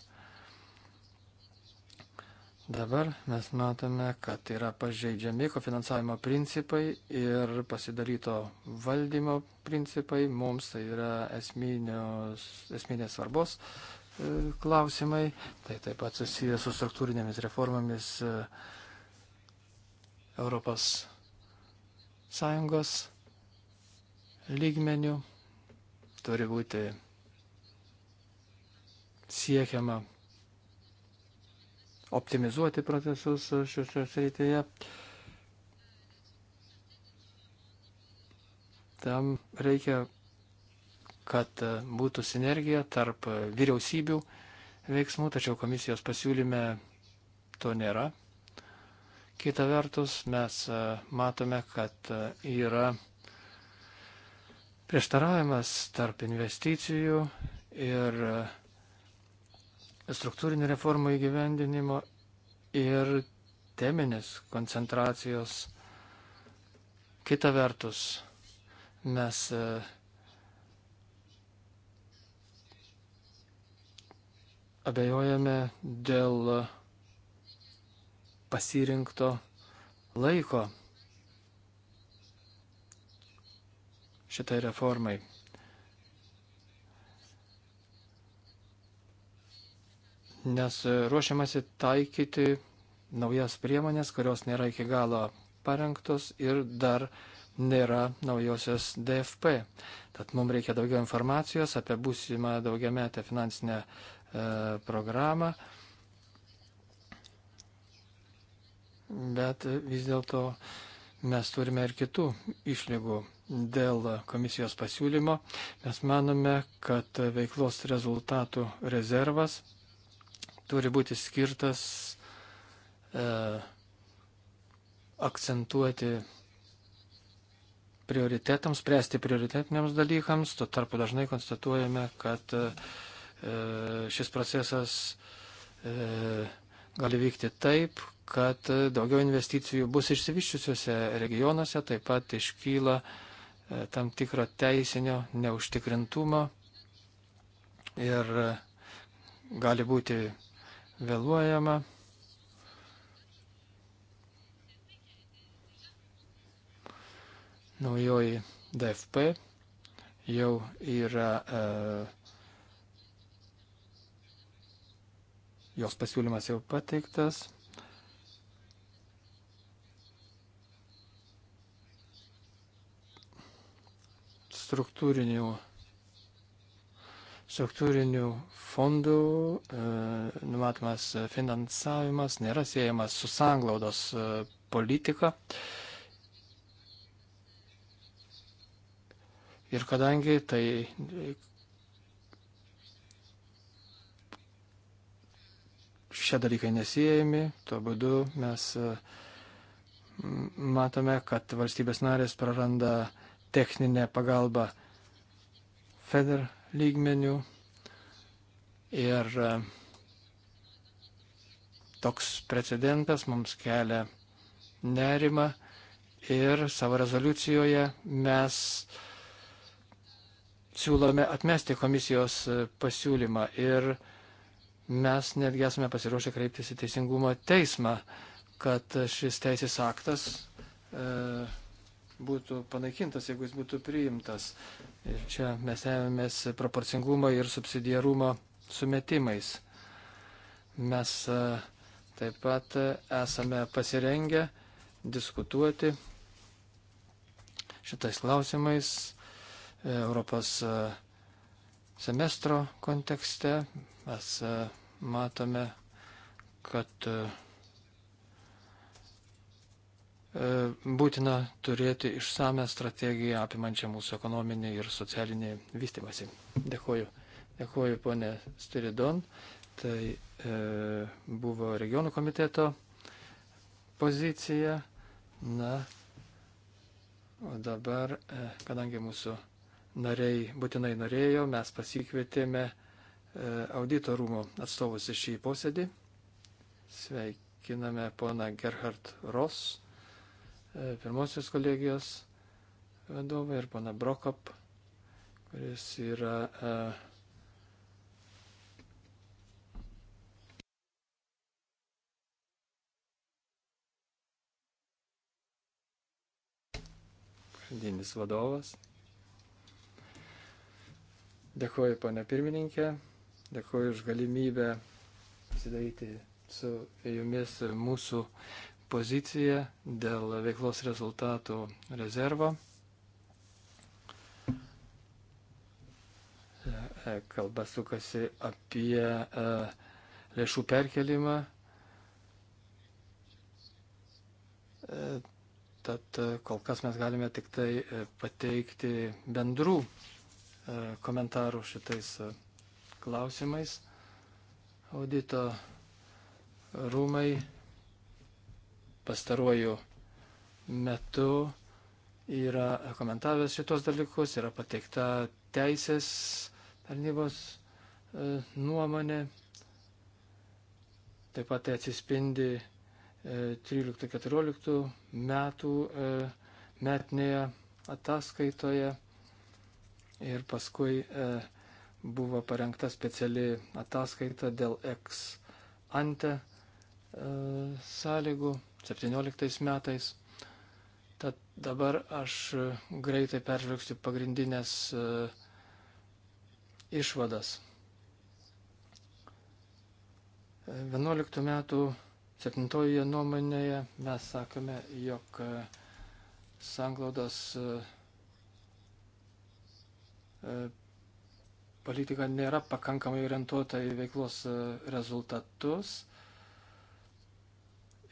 Dabar mes matome, kad yra pažeidžiami kofinansavimo principai ir pasidaryto valdymo principai. Mums tai yra esminios, esminės svarbos e, klausimai. Tai taip pat susijęs su struktūrinėmis reformomis e, Europos Sąjungos lygmenių. Turi būti siekiama optimizuoti procesus šiuose srityje. Tam reikia, kad būtų sinergija tarp vyriausybių veiksmų, tačiau komisijos pasiūlyme to nėra. Kita vertus, mes matome, kad yra prieštaravimas tarp investicijų ir uh, struktūrinių reformų įgyvendinimo ir teminės koncentracijos. Kita vertus, mes e, abejojame dėl pasirinkto laiko šitai reformai. nes e, ruošiamasi taikyti naujas priemonės, kurios nėra iki galo parengtos ir dar nėra naujosios DFP. Tad mums reikia daugiau informacijos apie būsimą daugiametę finansinę e, programą. Bet vis dėlto mes turime ir kitų išlygų dėl komisijos pasiūlymo. Mes manome, kad veiklos rezultatų rezervas turi būti skirtas e, akcentuoti prioritetams, spręsti prioritetiniams dalykams, tuo tarpu dažnai konstatuojame, kad e, šis procesas e, gali vykti taip, kad daugiau investicijų bus išsivyščiusiuose regionuose, taip pat iškyla e, tam tikro teisinio neužtikrintumo ir e, gali būti vėluojama. Naujoji DFP jau yra e, jos pasiūlymas jau pateiktas. Struktūrinių struktūrinių fondų e, numatomas e, finansavimas nėra siejamas su sanglaudos e, politika. Ir kadangi tai šie dalykai nesijėjami, tuo būdu mes matome, kad valstybės narės praranda techninę pagalbą FEDER lygmenių ir e, toks precedentas mums kelia nerima ir savo rezoliucijoje mes siūlome atmesti komisijos e, pasiūlymą ir mes netgi esame pasiruošę kreiptis į Teisingumo teismą, kad šis teisės aktas e, būtų panaikintas, jeigu jis būtų priimtas. Ir čia mes ėmėmės proporcingumo ir subsidiarumo sumetimais. Mes e, taip pat e, esame pasirengę diskutuoti šitais klausimais e, Europos semestro kontekste. Mes matome, kad uh, E, būtina turėti išsame strategiją apimančią mūsų ekonominį ir socialinį vystimąsi. Dėkuoju. Dėkuoju, ponė Stiridon. Tai e, buvo regionų komiteto pozicija. Na, o dabar, e, kadangi mūsų nariai būtinai norėjo, mes pasikvietėme e, audito rūmų atstovus į šį posėdį. Sveikiname poną Gerhard Ross E, pirmosios kolegijos vadovą ir pana Brokop, kuris yra e, pagrindinis vadovas. Dėkuoju, pane pirmininkė, dėkuoju už galimybę pasidaryti su jumis mūsų poziciją dėl veiklos rezultatų rezervo. E, kalba sukasi apie e, lėšų perkelimą. E, tad kol kas mes galime tik tai pateikti bendrų komentarų šitais klausimais. Audito rūmai pastaruoju metu yra komentavęs šitos dalykus, yra pateikta teisės tarnybos e, nuomonė. Taip pat tai atsispindi 13-14 e, metų e, metinėje ataskaitoje ir paskui buvo parengta speciali ataskaita dėl ex ante sąlygų 17 metais. Tad dabar aš greitai peržvelgsiu pagrindinės e, išvadas. 11 metų 7 nuomonėje mes sakome, jog e, sanglaudos e, politika nėra pakankamai orientuota į veiklos rezultatus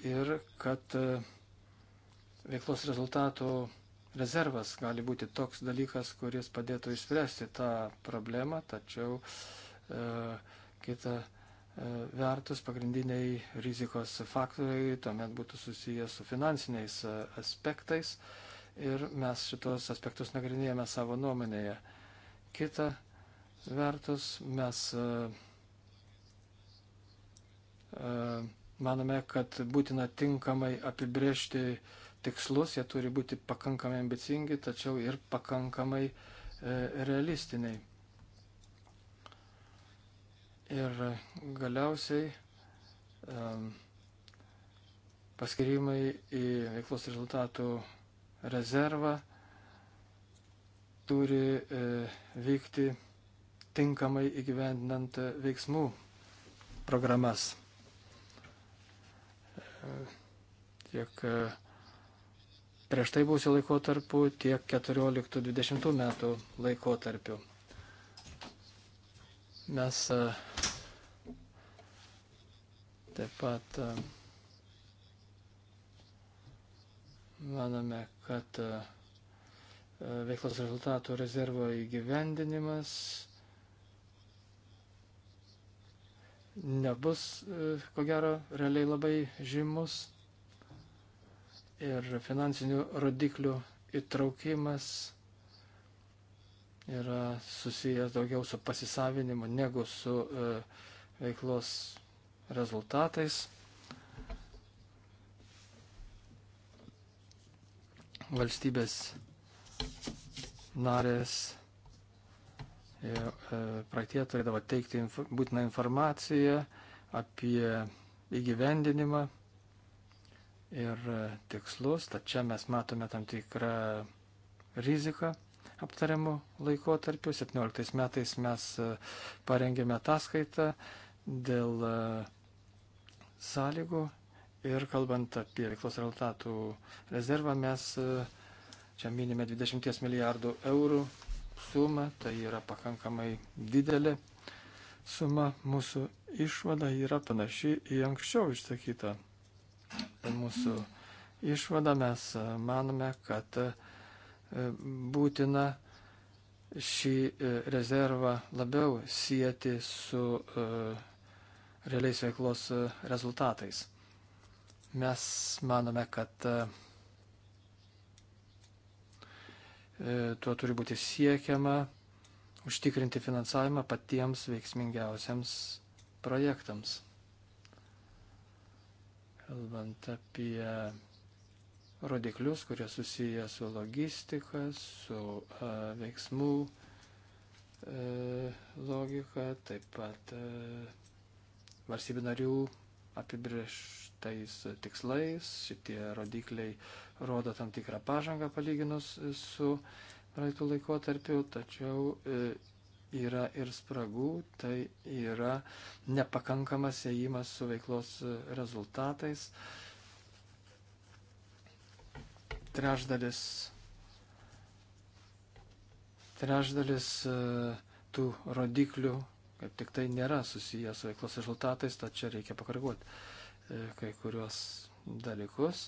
ir kad e, veiklos rezultatų rezervas gali būti toks dalykas, kuris padėtų išspręsti tą problemą, tačiau e, kita e, vertus pagrindiniai rizikos faktoriai tuomet būtų susijęs su finansiniais e, aspektais ir mes šitos aspektus nagrinėjame savo nuomonėje. Kita vertus mes Manome, kad būtina tinkamai apibriežti tikslus, jie turi būti pakankamai ambicingi, tačiau ir pakankamai e, realistiniai. Ir galiausiai e, paskirimai į veiklos rezultatų rezervą turi e, vykti tinkamai įgyvendinant veiksmų programas tiek e, prieš tai būsiu laikotarpiu, tiek 14-20 metų laikotarpiu. Mes e, taip pat e, manome, kad veiklos rezultatų rezervo įgyvendinimas nebus, e, ko gero, realiai labai žymus. Ir finansinių rodiklių įtraukimas yra susijęs daugiau su pasisavinimu negu su e, veiklos rezultatais. Valstybės narės E, e, praeitie turėdavo teikti inf būtiną informaciją apie įgyvendinimą ir e, tikslus, tačiau mes matome tam tikrą riziką aptariamų laikotarpių. 17 metais mes parengėme ataskaitą dėl sąlygų ir kalbant apie veiklos rezultatų rezervą mes čia minime 20 milijardų eurų sumą, tai yra pakankamai didelė suma. Mūsų išvada yra panaši į anksčiau išsakytą. Mūsų išvada mes manome, kad e, būtina šį e, rezervą labiau sieti su e, realiais veiklos rezultatais. Mes manome, kad E, tuo turi būti siekiama užtikrinti finansavimą patiems veiksmingiausiams projektams. Kalbant apie rodiklius, kurie susiję su logistika, su a, e, veiksmų a, e, logika, taip pat a, valstybių narių apibrieštais tikslais. Šitie rodikliai rodo tam tikrą pažangą palyginus su praeitų laikotarpiu, tačiau e, yra ir spragų, tai yra nepakankamas ėjimas su veiklos e, rezultatais. Trešdalis, trešdalis e, tų rodiklių kaip tik tai nėra susijęs su veiklos rezultatais, tad čia reikia pakarguoti e, kai kuriuos dalykus.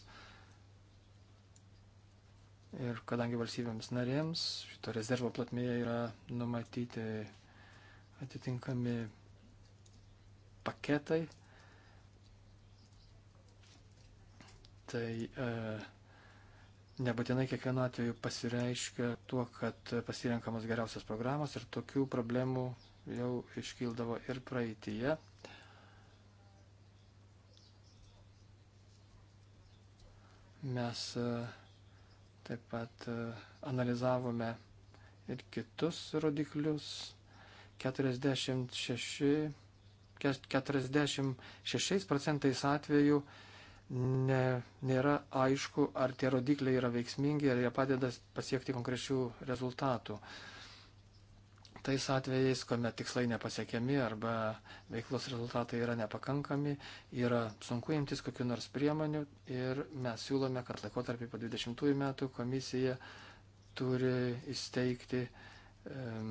Ir kadangi valstybėms narėms šito rezervo platmėje yra numatyti atitinkami paketai, tai e, nebūtinai kiekvienu atveju pasireiškia tuo, kad pasirenkamos geriausios programos ir tokių problemų jau iškildavo ir praeitie. Mes e, taip pat e, analizavome ir kitus rodiklius. 46, 46 procentais atvejų ne, nėra aišku, ar tie rodikliai yra veiksmingi, ar jie padeda pasiekti konkrečių rezultatų. Uh, tais atvejais, kuomet tikslai nepasiekiami arba veiklos rezultatai yra nepakankami, yra sunku imtis kokiu nors priemonių ir mes siūlome, kad laikotarpį po 20 metų komisija turi įsteigti um,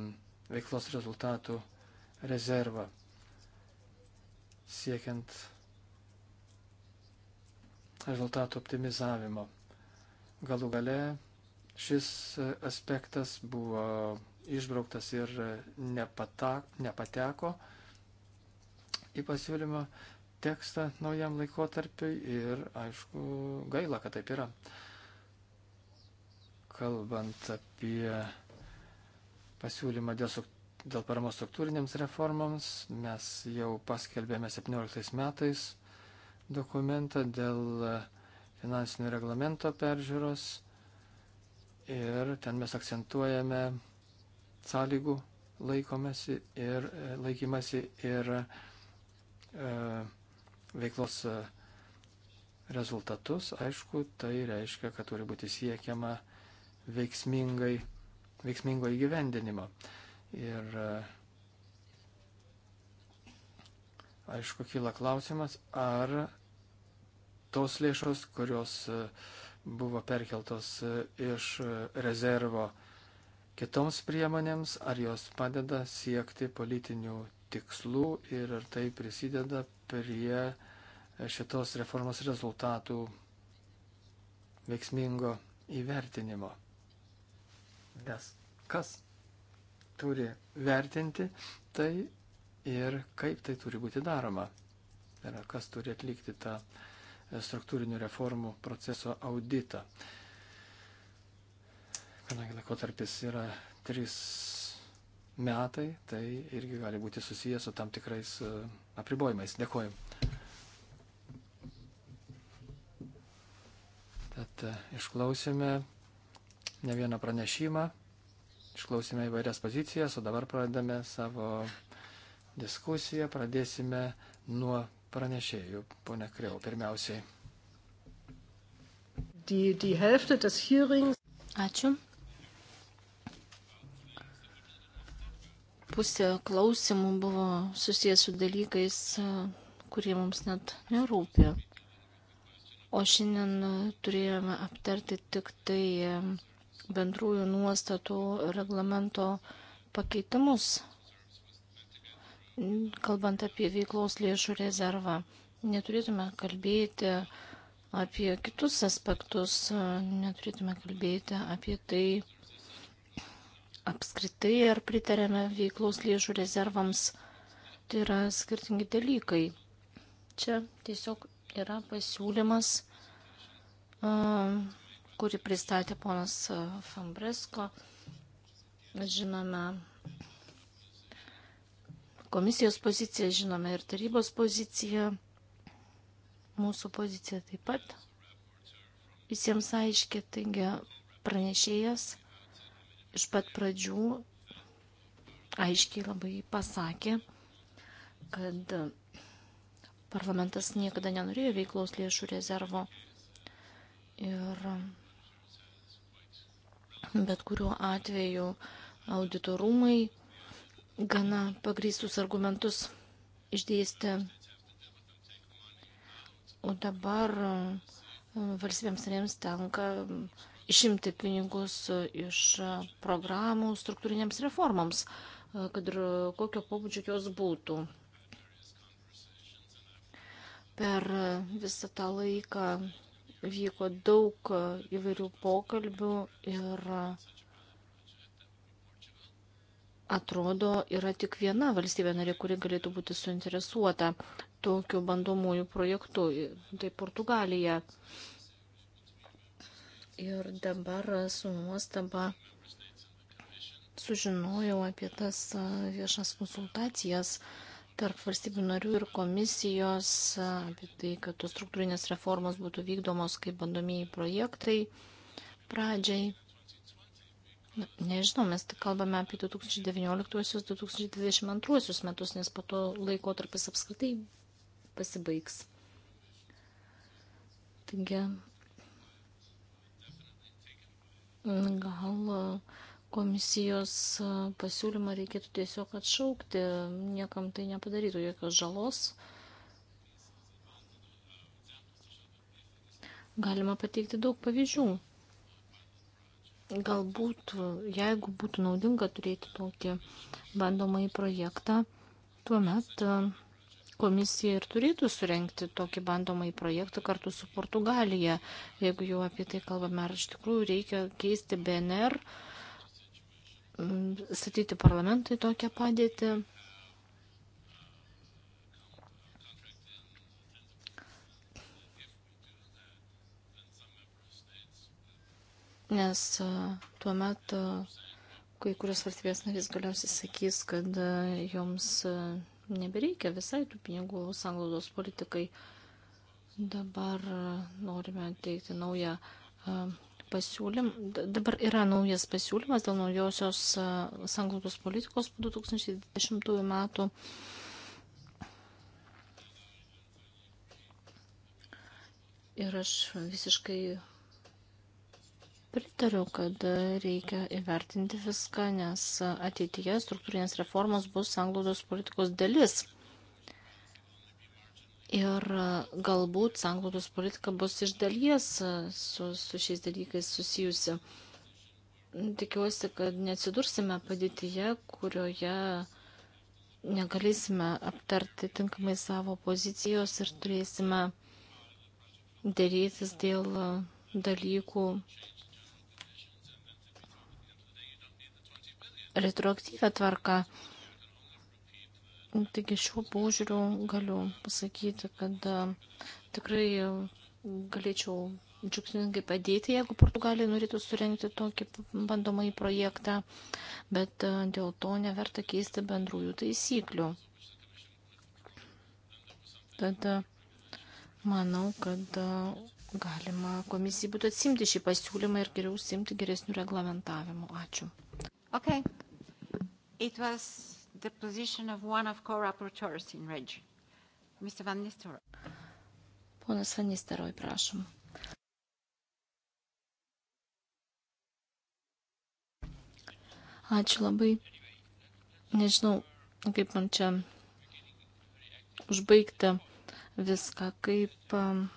veiklos rezultatų rezervą siekiant rezultatų optimizavimo. Galų gale šis e, aspektas buvo išbrauktas ir e, nepata, nepateko į pasiūlymą tekstą naujam laikotarpiui ir, aišku, gaila, kad taip yra. Kalbant apie pasiūlymą dėl, dėl paramos struktūrinėms reformams, mes jau paskelbėme 17 metais dokumentą dėl e, finansinio reglamento peržiūros ir ten mes akcentuojame sąlygų laikomasi ir e, laikymasi ir e, veiklos e, rezultatus. Aišku, tai reiškia, kad turi būti siekiama veiksmingai, veiksmingo įgyvendinimo. Ir e, aišku, kyla klausimas, ar tos lėšos, kurios e, buvo perkeltos iš rezervo kitoms priemonėms, ar jos padeda siekti politinių tikslų ir ar tai prisideda prie šitos reformos rezultatų veiksmingo įvertinimo. Nes kas turi vertinti tai ir kaip tai turi būti daroma. Tai yra, kas turi atlikti tą struktūrinių reformų proceso auditą kadangi laikotarpis yra trys metai, tai irgi gali būti susijęs su tam tikrais e, apribojimais. Dėkuoju. Tad e, išklausėme ne vieną pranešimą, išklausėme įvairias pozicijas, o dabar pradedame savo diskusiją, pradėsime nuo pranešėjų, ponia Kreu, pirmiausiai. Die, die Hälfte des Hearings. Ačiū. pusė klausimų buvo susijęs su dalykais, e, kurie mums net nerūpė. O šiandien e, turėjome aptarti tik tai e, bendrųjų nuostatų reglamento pakeitimus, kalbant apie veiklos lėšų rezervą. Neturėtume kalbėti apie kitus aspektus, neturėtume kalbėti apie tai, apskritai ar pritarėme veiklos lėšų rezervams. Tai yra skirtingi dalykai. Čia tiesiog yra pasiūlymas, kurį pristatė ponas Fambresko. Žinome komisijos poziciją, žinome ir tarybos poziciją, mūsų poziciją taip pat visiems aiškiai, taigi pranešėjas iš pat pradžių aiškiai labai pasakė, kad parlamentas niekada nenorėjo veiklos lėšų rezervo ir bet kuriuo atveju auditorumai gana pagrįstus argumentus išdėstė. O dabar valstybėms rėms tenka uh, išimti pinigus e, iš e, programų struktūrinėms reformams, e, kad ir kokio pobūdžio jos būtų. Per visą tą laiką vyko daug įvairių pokalbių ir atrodo yra tik viena valstybė narė, kuri galėtų būti suinteresuota tokiu bandomųjų projektu. Tai Portugalija ir dabar su nuostaba sužinojau apie tas viešas konsultacijas tarp valstybių narių ir komisijos, apie tai, kad tos struktūrinės reformos būtų vykdomos kaip bandomieji projektai pradžiai. Nežinau, mes tik kalbame apie 2019-2022 metus, nes po to laiko tarpis apskritai pasibaigs. Taigi Gal komisijos pasiūlymą reikėtų tiesiog atšaukti, niekam tai nepadarytų jokios žalos. Galima pateikti daug pavyzdžių. Galbūt, jeigu būtų naudinga turėti tokį bandomąjį projektą, tuomet komisija ir turėtų surenkti tokį bandomąjį projektą kartu su Portugalija, jeigu jau apie tai kalbame, ar iš tikrųjų reikia keisti BNR, statyti parlamentai tokią padėtį. Nes tuo metu kai kurios valstybės narys galiausiai sakys, kad joms nebereikia visai tų pinigų sanglaudos politikai. Dabar e, norime teikti naują e, pasiūlymą. Dabar yra naujas pasiūlymas dėl naujosios e, sanglaudos politikos po 2020 metų. Ir aš visiškai Pritariu, kad reikia įvertinti viską, nes ateityje struktūrinės reformos bus sanglaudos politikos dalis. Ir galbūt sanglaudos politika bus iš dalies su, su šiais dalykais susijusi. Tikiuosi, kad neatsidursime padėtyje, kurioje negalėsime aptarti tinkamai savo pozicijos ir turėsime dėrėtis dėl dalykų, retroaktyvę tvarką. Taigi šiuo požiūriu galiu pasakyti, kad e, tikrai galėčiau džiugsmingai padėti, jeigu Portugalija norėtų surenkti tokį bandomąjį projektą, bet e, dėl to neverta keisti bendrųjų taisyklių. Tad e, manau, kad galima komisijai būtų atsimti šį pasiūlymą ir geriau simti geresnių reglamentavimų. Ačiū. Okay. It was the position of one of co-rapporteurs in Regi. Mr. Van Nistelrooy. Ponas Van Nistelrooy, prašom. Ačiū labai. Nežinau, kaip man čia užbaigti viską, kaip um,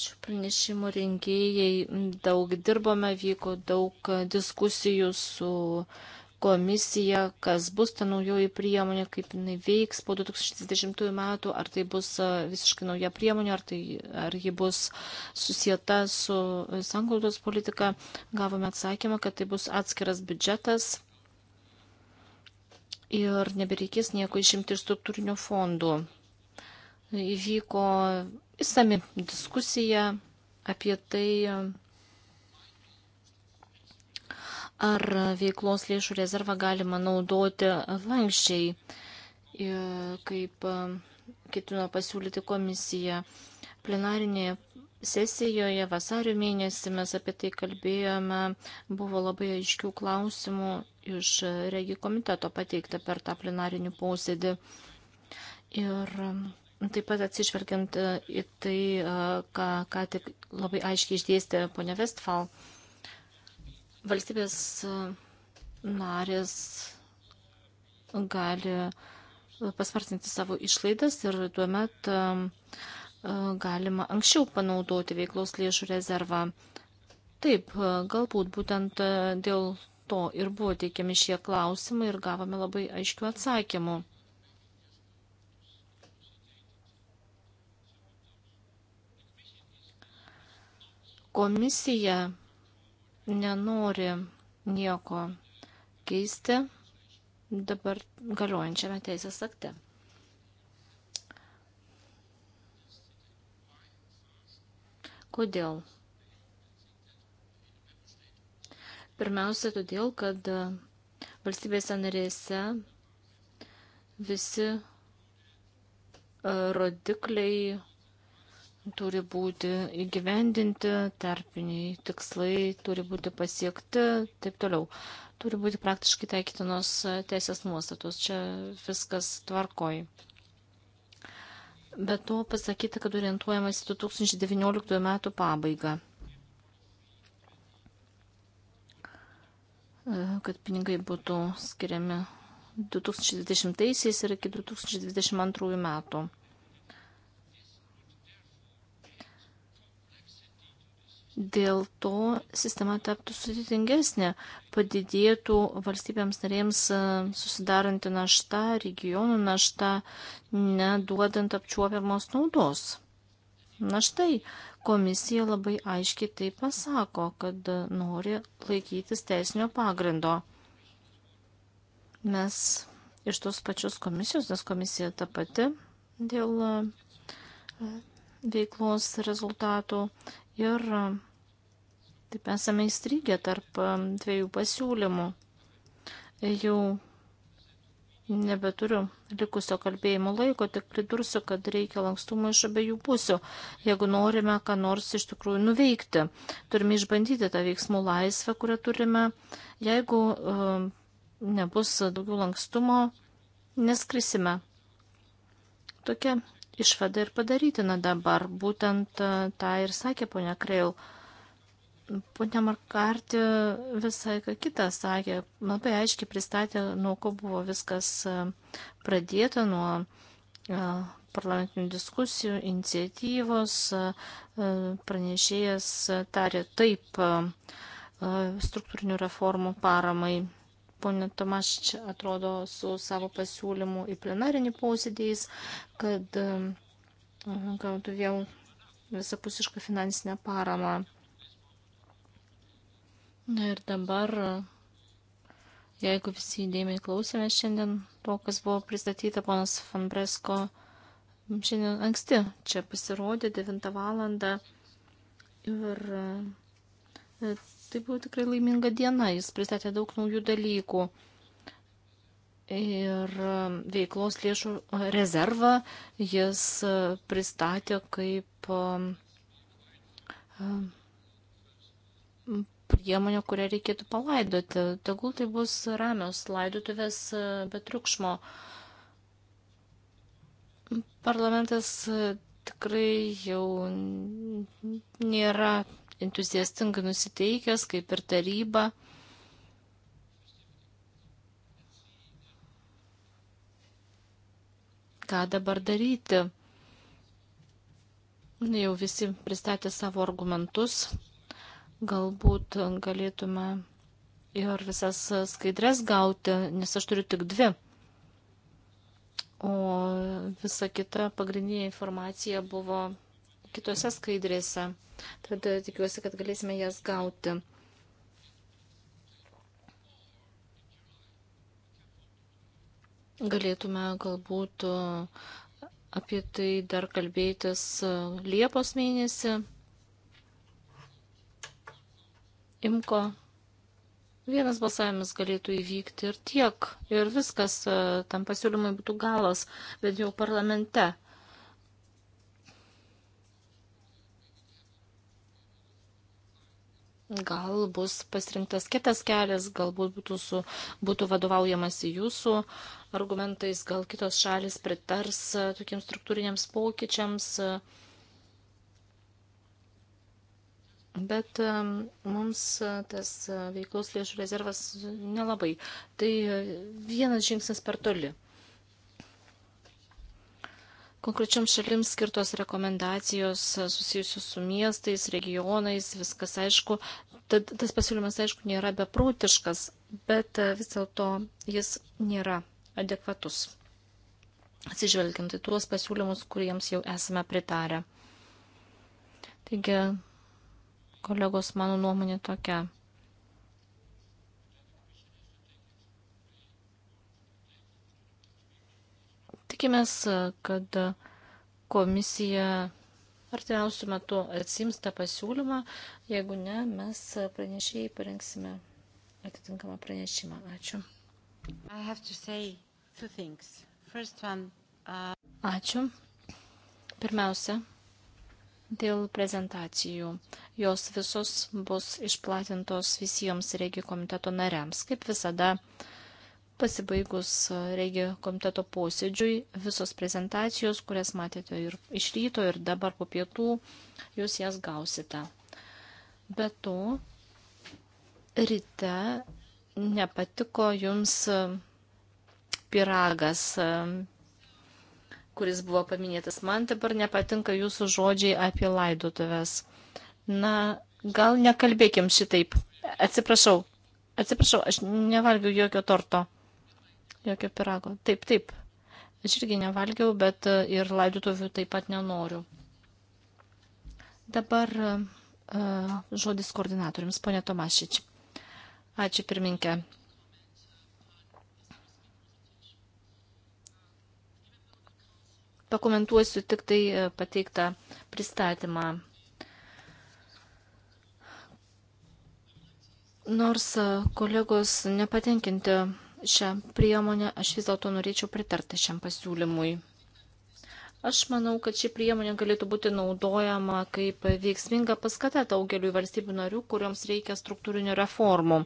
Šių pranešimų rinkėjai daug dirbome, vyko daug diskusijų su komisija, kas bus ta naujoji priemonė, kaip jinai veiks po 2030 metų, ar tai bus visiškai nauja priemonė, ar, tai, ar ji bus susijęta su sanglaudos politika. Gavome atsakymą, kad tai bus atskiras biudžetas ir nebereikės nieko išimti iš struktūrinių fondų įvyko įsami diskusija apie tai, ar veiklos lėšų rezervą galima naudoti lankščiai, kaip ketino pasiūlyti komisija. Plenarinėje sesijoje vasario mėnesį mes apie tai kalbėjome, buvo labai aiškių klausimų iš regi komiteto pateikta per tą plenarinį posėdį. Ir Taip pat atsižvelgiant e, į tai, e, ką, ką tik labai aiškiai išdėstė ponia Westfall, valstybės e, narės gali pasvarsinti savo išlaidas ir tuomet galima anksčiau panaudoti veiklos lėšų rezervą. Taip, galbūt būtent dėl to ir buvo teikiami šie klausimai ir gavome labai aiškių atsakymų. Komisija nenori nieko keisti dabar galiojančiame teisės akte. Kodėl? Pirmiausia, todėl, kad valstybėse narėse visi e, rodikliai turi būti įgyvendinti, tarpiniai tikslai turi būti pasiekti, taip toliau. Turi būti praktiškai taikytinos teisės nuostatos, čia viskas tvarkoj. Bet to pasakyta, kad orientuojamas į 2019 metų pabaigą. Kad pinigai būtų skiriami 2020 ir iki 2022 metų. Dėl to sistema taptų sudėtingesnė, padidėtų valstybėms narėms e, susidaranti našta, regionų našta, neduodant apčiuopiamos naudos. Na štai, komisija labai aiškiai tai pasako, kad nori laikytis teisinio pagrindo. Mes iš tos pačios komisijos, nes komisija ta pati dėl e, veiklos rezultatų ir Taip esame įstrigę tarp dviejų pasiūlymų. Jau Nebeturiu likusio kalbėjimo laiko, tik pridursiu, kad reikia lankstumo iš abiejų pusių, jeigu norime ką nors iš tikrųjų nuveikti. Turime išbandyti tą veiksmų laisvę, kurią turime. Jeigu uh, nebus daugiau lankstumo, neskrisime. Tokia išvada ir padarytina dabar. Būtent uh, tą ir sakė ponia Kreil. Uh, Pone Markarti visai ką kitą sakė, labai aiškiai pristatė, nuo ko buvo viskas e, pradėta, nuo e, parlamentinių diskusijų, iniciatyvos, e, pranešėjas tarė taip struktūrinių reformų paramai. Pone Tomaš čia atrodo su savo pasiūlymu į plenarinį posėdėjais, kad gautų vėl visapusišką finansinę paramą. Na ir dabar, jeigu visi įdėmiai klausėme šiandien to, kas buvo pristatyta, ponas Fanbresko šiandien anksti čia pasirodė 9 valandą ir e, tai buvo tikrai laiminga diena, jis pristatė daug naujų dalykų ir e, veiklos lėšų rezervą jis e, pristatė kaip priemonių, kurią reikėtų palaidoti. Tegul tai bus ramios laidotuvės be triukšmo. Parlamentas tikrai jau nėra entuziastingai nusiteikęs, kaip ir taryba. Ką dabar daryti? Jau visi pristatė savo argumentus. Galbūt galėtume ir visas skaidrės gauti, nes aš turiu tik dvi. O visa kita pagrindinė informacija buvo kitose skaidrėse. Tad e, tikiuosi, kad galėsime jas gauti. Galėtume galbūt e, apie tai dar kalbėtis e, Liepos mėnesį imko vienas balsavimas galėtų įvykti ir tiek, ir viskas e, tam pasiūlymui būtų galas, bet jau parlamente. Gal bus pasirinktas kitas kelias, galbūt būtų, su, būtų vadovaujamasi jūsų argumentais, gal kitos šalis pritars e, tokiems struktūriniams pokyčiams. Uh, Bet mums e, tas e, veiklos lėšų rezervas nelabai. Tai e, vienas žingsnis per toli. Konkrečiam šalims skirtos rekomendacijos susijusios su miestais, regionais, viskas aišku. Tad, tas pasiūlymas aišku nėra beprotiškas, bet vis dėlto jis nėra adekvatus. Atsižvelgiant į tuos pasiūlymus, kuriems jau esame pritarę. Taigi Kolegos, mano nuomonė tokia. Tikimės, kad komisija artimiausių metų atsims tą pasiūlymą. Jeigu ne, mes pranešėjai parengsime atitinkamą pranešimą. Ačiū. Uh, Ačiū. Pirmiausia, dėl prezentacijų. Jos visos bus išplatintos visiems Regi komiteto nariams. Kaip visada, pasibaigus Regi komiteto posėdžiui, visos prezentacijos, kurias matėte ir iš ryto, ir dabar po pietų, jūs jas gausite. Be to, ryte nepatiko jums piragas kuris buvo paminėtas. Man dabar nepatinka jūsų žodžiai apie laidotuvės. Na, gal nekalbėkim šitaip. Atsiprašau, atsiprašau, aš nevalgiau jokio torto, jokio pirago. Taip, taip. Aš irgi nevalgiau, bet e, ir laidotuvių taip pat nenoriu. Dabar e, žodis koordinatoriams, ponė Tomašič. Ačiū pirminkė. pakomentuosiu tik tai e, pateiktą pristatymą. Nors e, kolegos nepatenkinti šią priemonę, aš vis dėlto norėčiau pritarti šiam pasiūlymui. Aš manau, kad ši priemonė galėtų būti naudojama kaip veiksminga paskata daugeliu valstybių narių, kuriuoms reikia struktūrinių reformų.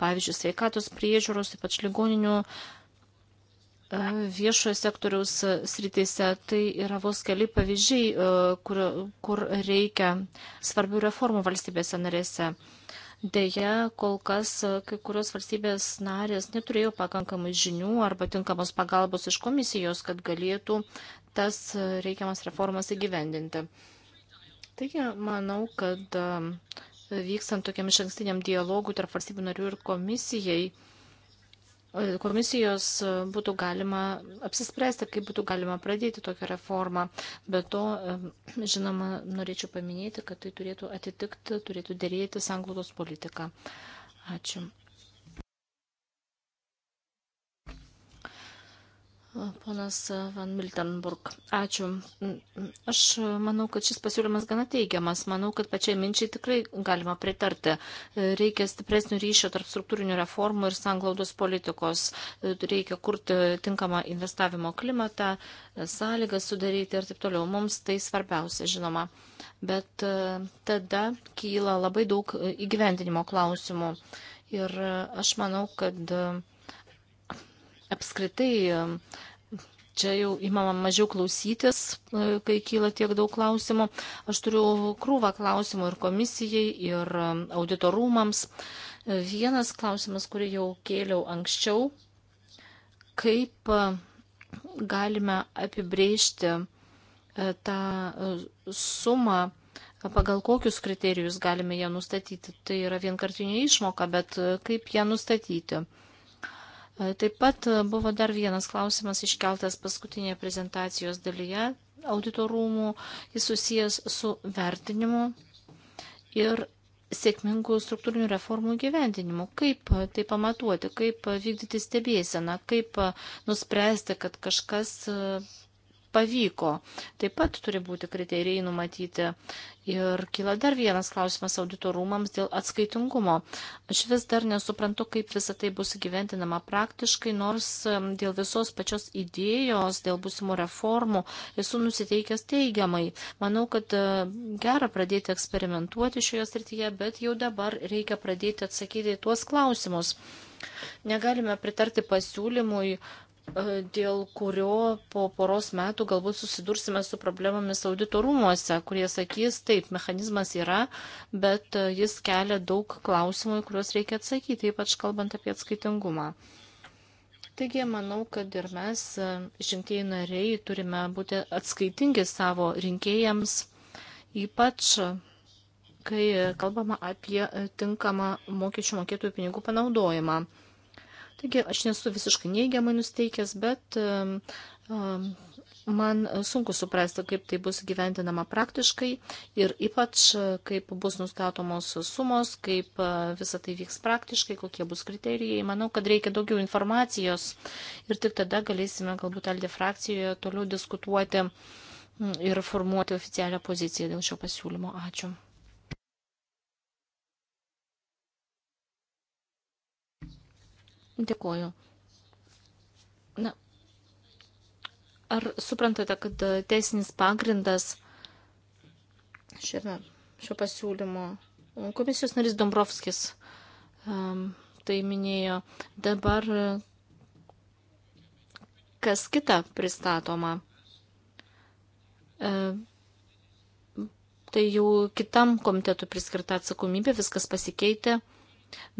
Pavyzdžiui, sveikatos priežiūros, ypač ligoninių E, viešojo sektoriaus e, sritise. Tai yra vos keli pavyzdžiai, e, kur, kur reikia svarbių reformų valstybėse narėse. Deja, kol kas kai kurios valstybės narės neturėjo pakankamai žinių arba tinkamos pagalbos iš komisijos, kad galėtų tas reikiamas reformas įgyvendinti. Taigi, manau, kad vykstant tokiam iš ankstiniam dialogui tarp valstybių narių ir komisijai, komisijos e, būtų galima apsispręsti, kaip būtų galima pradėti tokią reformą. Be to, e, žinoma, norėčiau paminėti, kad tai turėtų atitikti, turėtų dėrėti sanglaudos politiką. Ačiū. Ponas Van Miltenburg, ačiū. Aš manau, kad šis pasiūlymas gana teigiamas. Manau, kad pačiai minčiai tikrai galima pritarti. E, reikia stipresnių ryšio tarp struktūrinių reformų ir sanglaudos politikos. E, reikia kurti tinkamą investavimo klimatą, e, sąlygas sudaryti ir taip toliau. Mums tai svarbiausia, žinoma. Bet tada kyla labai daug įgyvendinimo klausimų. Ir aš manau, kad apskritai čia jau įmama mažiau klausytis, e, kai kyla tiek daug klausimų. Aš turiu krūvą klausimų ir komisijai, ir e, auditorumams. E, vienas klausimas, kurį jau kėliau anksčiau, kaip galime apibrėžti tą sumą, pagal kokius kriterijus galime ją nustatyti. Tai yra vienkartinė išmoka, bet kaip ją nustatyti? Taip pat buvo dar vienas klausimas iškeltas paskutinėje prezentacijos dalyje auditorumų. Jis susijęs su vertinimu ir sėkmingų struktūrinių reformų gyvendinimu. Kaip tai pamatuoti, kaip vykdyti stebėseną, kaip nuspręsti, kad kažkas pavyko. Taip pat turi būti kriterijai numatyti Ir kyla dar vienas klausimas auditorumams dėl atskaitingumo. Aš vis dar nesuprantu, kaip visa tai bus gyventinama praktiškai, nors dėl visos pačios idėjos, dėl būsimų reformų esu nusiteikęs teigiamai. Manau, kad e, gera pradėti eksperimentuoti šioje srityje, bet jau dabar reikia pradėti atsakyti į tuos klausimus. Negalime pritarti pasiūlymui E, dėl kurio po poros metų galbūt susidursime su problemomis auditorumuose, kurie sakys, taip, mechanizmas yra, bet e, jis kelia daug klausimų, į kuriuos reikia atsakyti, ypač kalbant apie atskaitingumą. Taigi, manau, kad ir mes, e, išrinktieji nariai, turime būti atskaitingi savo rinkėjams, ypač kai kalbama apie tinkamą mokesčių mokėtojų pinigų panaudojimą. Taigi aš nesu visiškai neigiamai nusteikęs, bet man sunku suprasti, kaip tai bus gyventinama praktiškai ir ypač kaip bus nustatomos sumos, kaip e, visa tai vyks praktiškai, kokie bus kriterijai. Manau, kad reikia daugiau informacijos ir tik tada galėsime galbūt Aldė frakcijoje toliau diskutuoti ir formuoti oficialią poziciją dėl šio pasiūlymo. Ačiū. Dėkuoju. Na, ar suprantate, kad teisinis pagrindas šiame, šio pasiūlymo komisijos narys Dombrovskis um, tai minėjo, dabar kas kita pristatoma. E, tai jau kitam komitetui priskirta atsakomybė, viskas pasikeitė.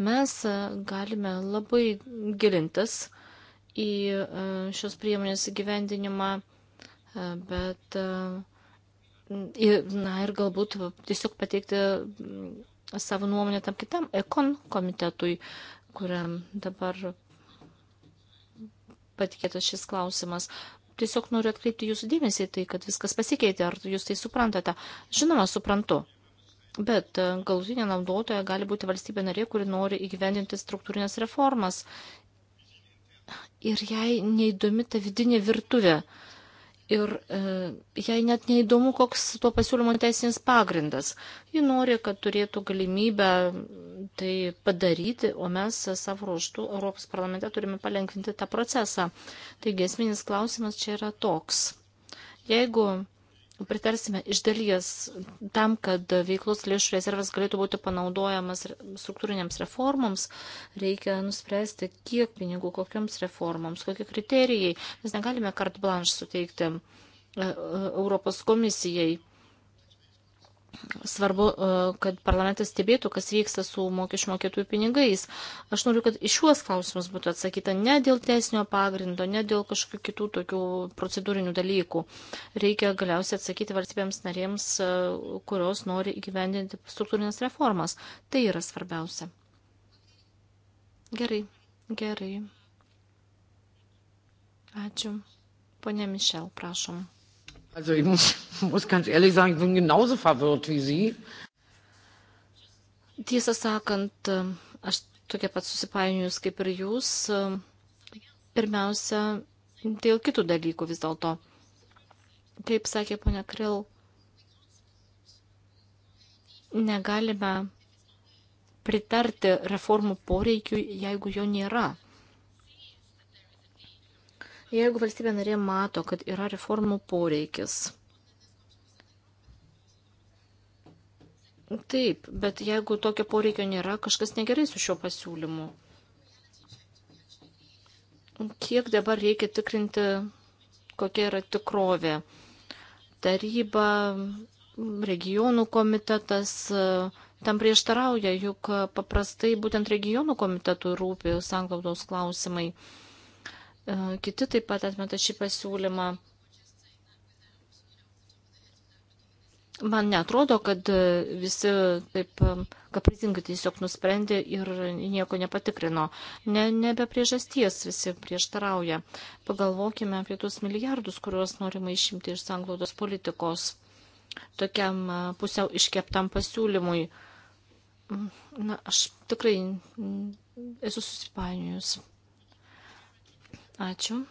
Mes e, galime labai gilintis į e, šios priemonės įgyvendinimą, e, bet na, ir galbūt tiesiog pateikti savo nuomonę tam kitam ekon komitetui, kuriam dabar patikėtas šis klausimas tiesiog noriu atkreipti jūsų dėmesį į tai, kad viskas pasikeitė, ar jūs tai suprantate. Žinoma, suprantu, Bet e, galutinė naudotoja gali būti valstybė narė, kuri nori įgyvendinti struktūrinės reformas. Ir jai neįdomi ta vidinė virtuvė. Ir e, jai net neįdomu, koks tuo pasiūlymo teisinis pagrindas. Ji nori, kad turėtų galimybę tai padaryti, o mes savo ruoštų Europos parlamente turime palengvinti tą procesą. Taigi esminis klausimas čia yra toks. Jeigu pritarsime iš dalies tam, kad veiklos lėšų rezervas galėtų būti panaudojamas struktūrinėms reformoms, reikia nuspręsti, kiek pinigų kokiams reformoms, kokie kriterijai. Mes negalime kart blanš suteikti e, e, Europos komisijai Svarbu, e, kad parlamentas stebėtų, kas vyksta su mokesčių mokėtųjų pinigais. Aš noriu, kad iš juos klausimus būtų atsakyta ne dėl teisinio pagrindo, ne dėl kažkokių kitų tokių procedūrinių dalykų. Reikia galiausiai atsakyti valstybėms narėms, e, kurios nori įgyvendinti struktūrinės reformas. Tai yra svarbiausia. Gerai, gerai. Ačiū. Pone Mišel, prašom. Also ich muss, muss ganz ehrlich sagen, ich bin genauso verwirrt wie Sie. Tiesą sakant, ehm, aš tokia pat susipainius kaip ir Jūs. Ehm, pirmiausia, dėl kitų dalykų vis dėlto. Kaip sakė ponia Kril, negalime pritarti reformų poreikiui, jeigu jo nėra. Jeigu valstybė narė mato, kad yra reformų poreikis, Taip, bet jeigu tokio poreikio nėra, kažkas negerai su šiuo pasiūlymu. Kiek dabar reikia tikrinti, kokia yra tikrovė? Taryba, regionų komitetas tam prieštarauja, juk paprastai būtent regionų komitetų rūpi sanglaudos klausimai. E, kiti taip pat atmeta šį pasiūlymą. Man netrodo, kad visi taip e, kaprizingai tiesiog nusprendė ir nieko nepatikrino. Ne, ne be priežasties visi prieštarauja. Pagalvokime apie tuos milijardus, kuriuos norima išimti iš sanglaudos politikos. Tokiam e, pusiau iškeptam pasiūlymui. Mm, na, aš tikrai esu susipainiojus. Ačiū.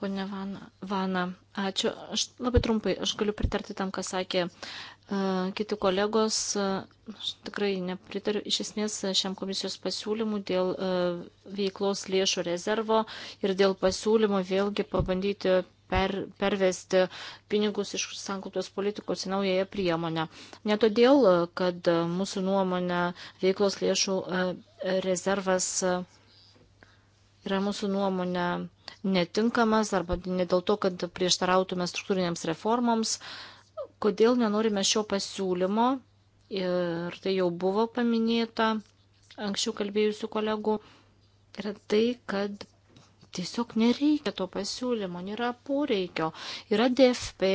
Pone Vana, Vana, ačiū. Aš labai trumpai, aš galiu pritarti tam, ką sakė uh, kiti kolegos. Uh, aš tikrai nepritariu iš esmės šiam komisijos pasiūlymu dėl uh, veiklos lėšų rezervo ir dėl pasiūlymo vėlgi pabandyti per, pervesti pinigus iš sankultos politikos į naująją priemonę. Ne todėl, kad mūsų nuomonė veiklos lėšų e, rezervas. Uh, yra mūsų nuomonė netinkamas arba ne dėl to, kad prieštarautume struktūrinėms reformoms. Kodėl nenorime šio pasiūlymo? Ir tai jau buvo paminėta anksčiau kalbėjusių kolegų. Yra tai, kad tiesiog nereikia to pasiūlymo, nėra poreikio. Yra DFP,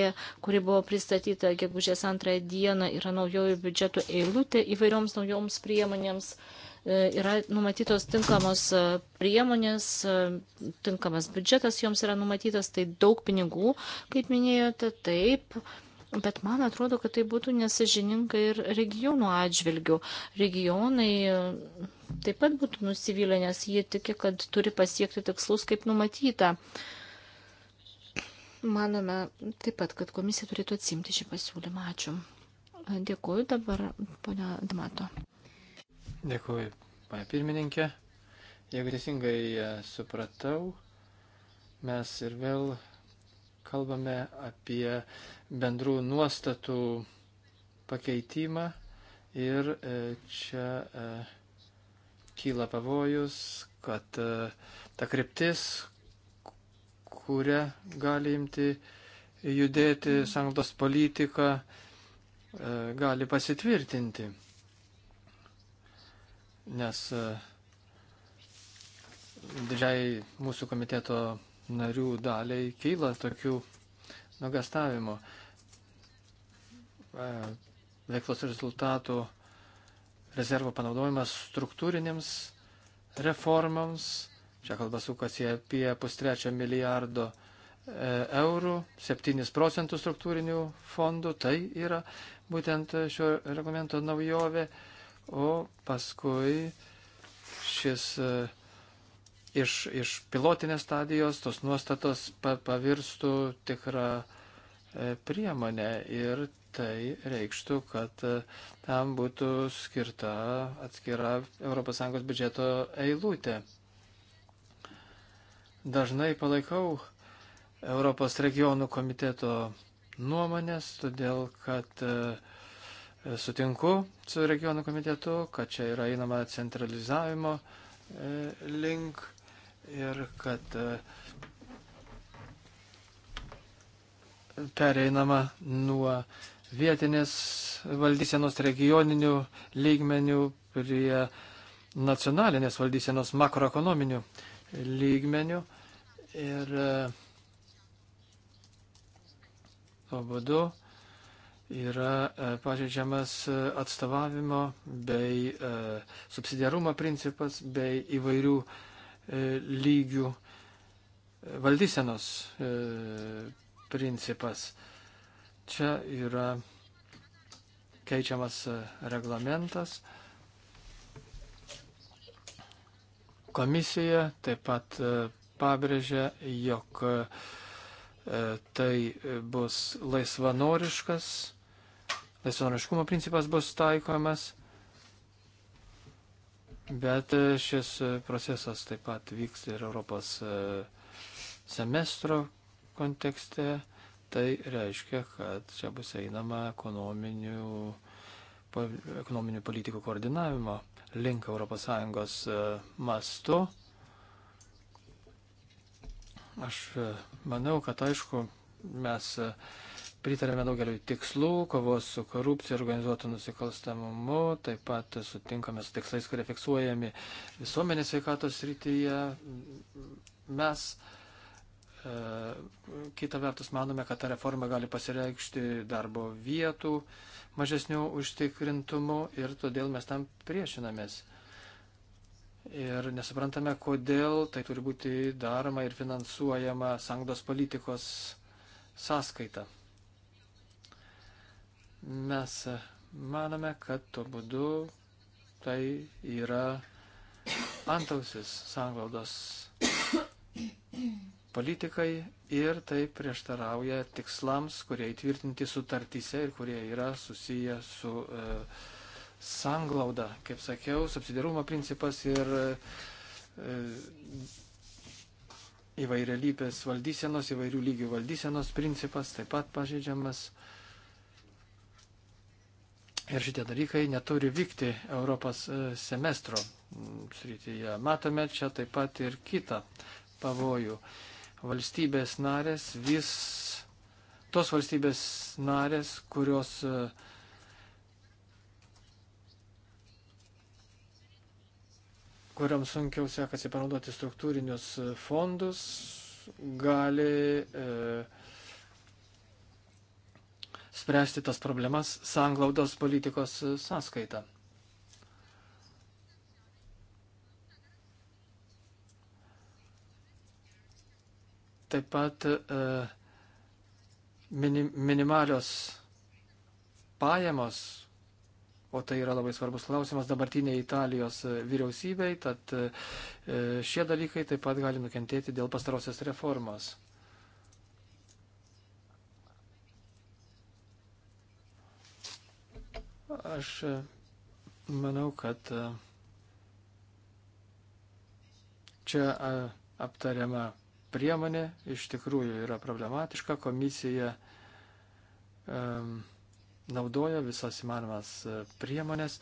kuri buvo pristatyta gegužės antrąją dieną, yra naujoji biudžeto eilutė įvairioms naujoms priemonėms. Uh, E, yra numatytos tinkamos e, priemonės, e, tinkamas biudžetas joms yra numatytas, tai daug pinigų, kaip minėjote, taip. Bet man atrodo, kad tai būtų nesažininka ir regionų atžvilgių. Regionai taip pat būtų nusivylę, nes jie tiki, kad turi pasiekti tikslus, kaip numatyta. Manome taip pat, kad komisija turėtų atsimti šį pasiūlymą. Ačiū. Dėkuoju dabar, ponia Dmato. Dėkuoju, pane pirmininkė. Jeigu teisingai e, supratau, mes ir vėl kalbame apie bendrų nuostatų pakeitimą ir e, čia e, kyla pavojus, kad ta kryptis, kurią gali imti judėti sanglos politika, gali pasitvirtinti nes e, didžiai mūsų komiteto narių daliai kyla tokių nugastavimų. E, veiklos rezultatų rezervo panaudojimas struktūrinėms reformams, čia kalba sukasi apie pustrečio milijardo e, eurų, 7 procentų struktūrinių fondų, tai yra būtent šio reglamento naujovė o paskui šis e, iš, iš pilotinės stadijos tos nuostatos pavirstų tikrą e, priemonę ir tai reikštų, kad e, tam būtų skirta atskira ES biudžeto eilutė. Dažnai palaikau Europos regionų komiteto nuomonės, todėl kad uh, Sutinku su regionų komitetu, kad čia yra einama centralizavimo e, link ir kad e, pereinama nuo vietinės valdysenos regioninių lygmenių prie nacionalinės valdysenos makroekonominių lygmenių. Ir e, tuo būdu yra e, pažeidžiamas e, atstovavimo bei e, subsidiarumo principas bei įvairių lygių valdysenos principas. Čia yra keičiamas reglamentas. Komisija taip pat pabrėžia, jog tai bus laisvanoriškas laisvanoriškumo principas bus taikomas, bet e, šis e, procesas taip pat vyks ir Europos e, semestro kontekste. Tai reiškia, kad čia bus einama ekonominių, ekonominių politikų koordinavimo link ES mastu. Aš manau, kad aišku, mes uh, Pritarėme daugeliu tikslų, kovos su korupcija, organizuotų nusikalstamumu, taip pat sutinkame su tikslais, kurie fiksuojami visuomenės veikatos rytyje. Mes e, kitą vertus manome, kad ta reforma gali pasireikšti darbo vietų mažesnių užtikrintumu ir todėl mes tam priešinamės. Ir nesuprantame, kodėl tai turi būti daroma ir finansuojama sangdos politikos sąskaita. Mes manome, kad tuo būdu tai yra antausis sanglaudos politikai ir tai prieštarauja tikslams, kurie įtvirtinti sutartyse ir kurie yra susiję su e, sanglauda. Kaip sakiau, subsidiarumo principas ir e, įvairialypės valdysenos, įvairių lygių valdysenos principas taip pat pažeidžiamas. Ir šitie dalykai neturi vykti Europos e, semestro srityje. Matome čia taip pat ir kitą pavojų. Valstybės narės vis, tos valstybės narės, kurios e, kuriam sunkiau sekasi panaudoti struktūrinius e, fondus, gali e, spręsti tas problemas sanglaudos politikos sąskaita. Taip pat e, minim, minimalios pajamos, o tai yra labai svarbus klausimas dabartiniai Italijos e, vyriausybei, tad e, šie dalykai taip pat gali nukentėti dėl pastarosios reformos. Aš e, manau, kad e, čia e, aptariama priemonė iš tikrųjų yra problematiška. Komisija um, naudoja visas įmanomas priemonės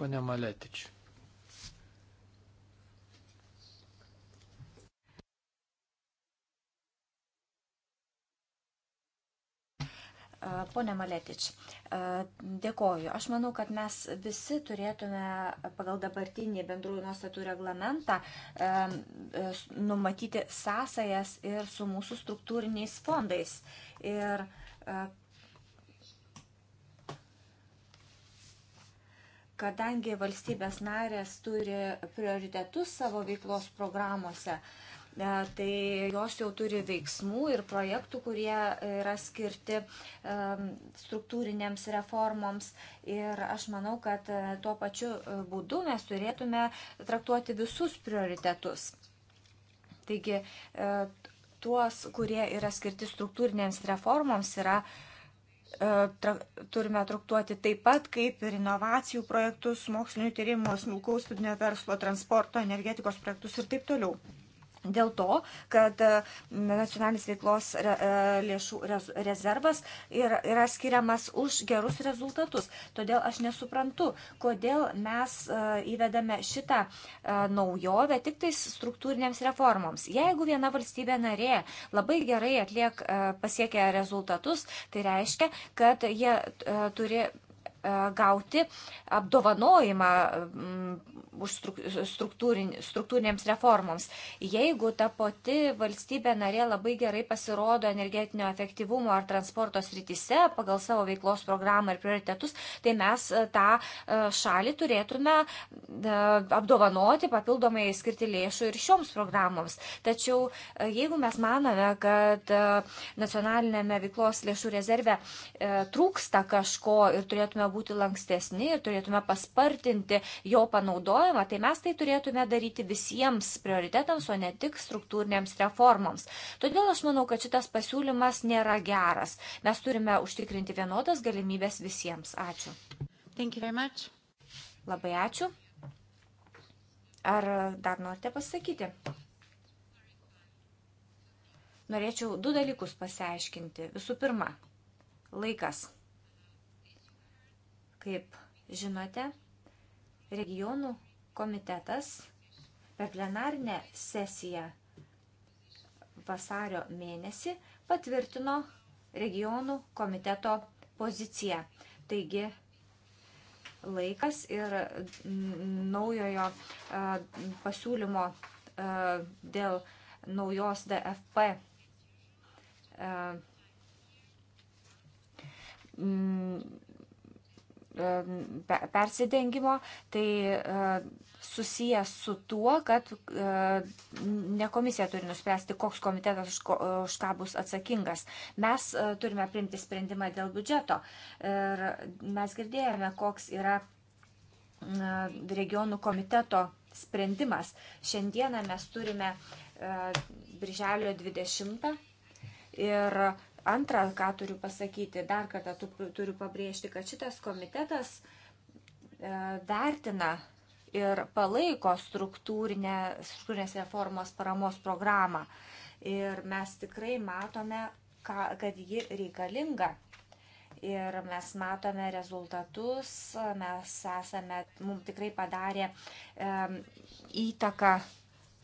Pane Maletič. Pone Maletič, dėkoju. Aš manau, kad mes visi turėtume pagal dabartinį bendrųjų nuostatų reglamentą numatyti sąsajas ir su mūsų struktūriniais fondais. Ir kadangi valstybės narės turi prioritetus savo veiklos programuose, e, tai jos jau turi veiksmų ir projektų, kurie yra skirti e, struktūrinėms reformoms. Ir aš manau, kad e, tuo pačiu būdu mes turėtume traktuoti visus prioritetus. Taigi, tuos, kurie yra skirti struktūrinėms reformoms, yra uh, E, turime traktuoti taip pat kaip ir inovacijų projektus, mokslinių tyrimų, smulkaus studinio verslo, transporto, energetikos projektus ir taip toliau. Dėl to, kad e, nacionalinis veiklos re, e, lėšų rezervas yra, yra skiriamas už gerus rezultatus. Todėl aš nesuprantu, kodėl mes e, įvedame šitą naujovę tik tais struktūrinėms reformoms. Jeigu viena valstybė narė labai gerai atliek pasiekia rezultatus, tai reiškia, kad jie turi E, gauti apdovanojimą mm, už struktūrinėms reformoms. Jeigu ta pati valstybė narė labai gerai pasirodo energetinio efektyvumo ar transporto srityse pagal savo veiklos programą ir prioritetus, tai mes e, tą e, šalį turėtume apdovanoti, papildomai skirti lėšų ir šioms programoms. Tačiau jeigu mes manome, kad nacionalinėme veiklos lėšų rezerve trūksta kažko ir turėtume būti lankstesni ir turėtume paspartinti jo panaudojimą, tai mes tai turėtume daryti visiems prioritetams, o ne tik struktūrinėms reformoms. Todėl aš manau, kad šitas pasiūlymas nėra geras. Mes turime užtikrinti vienodas galimybės visiems. Ačiū. Labai ačiū. Ar dar norite pasakyti? Norėčiau du dalykus pasiaiškinti. Visų pirma, laikas. Kaip žinote, regionų komitetas per plenarinę sesiją vasario mėnesį patvirtino regionų komiteto poziciją. Taigi laikas ir naujojo pasiūlymo dėl naujos DFP persidengimo, tai e, susijęs su tuo, kad e, ne komisija turi nuspręsti, koks komitetas už ką bus atsakingas. Mes e, turime priimti sprendimą dėl biudžeto ir mes girdėjome, koks yra regionų komiteto sprendimas. Šiandieną mes turime Birželio 20 ir Antra, ką turiu pasakyti, dar kartą turiu pabrėžti, kad šitas komitetas e, vertina ir palaiko struktūrinės reformos paramos programą. Ir mes tikrai matome, kad ji reikalinga. Ir mes matome rezultatus, mes esame, mums tikrai padarė e, įtaką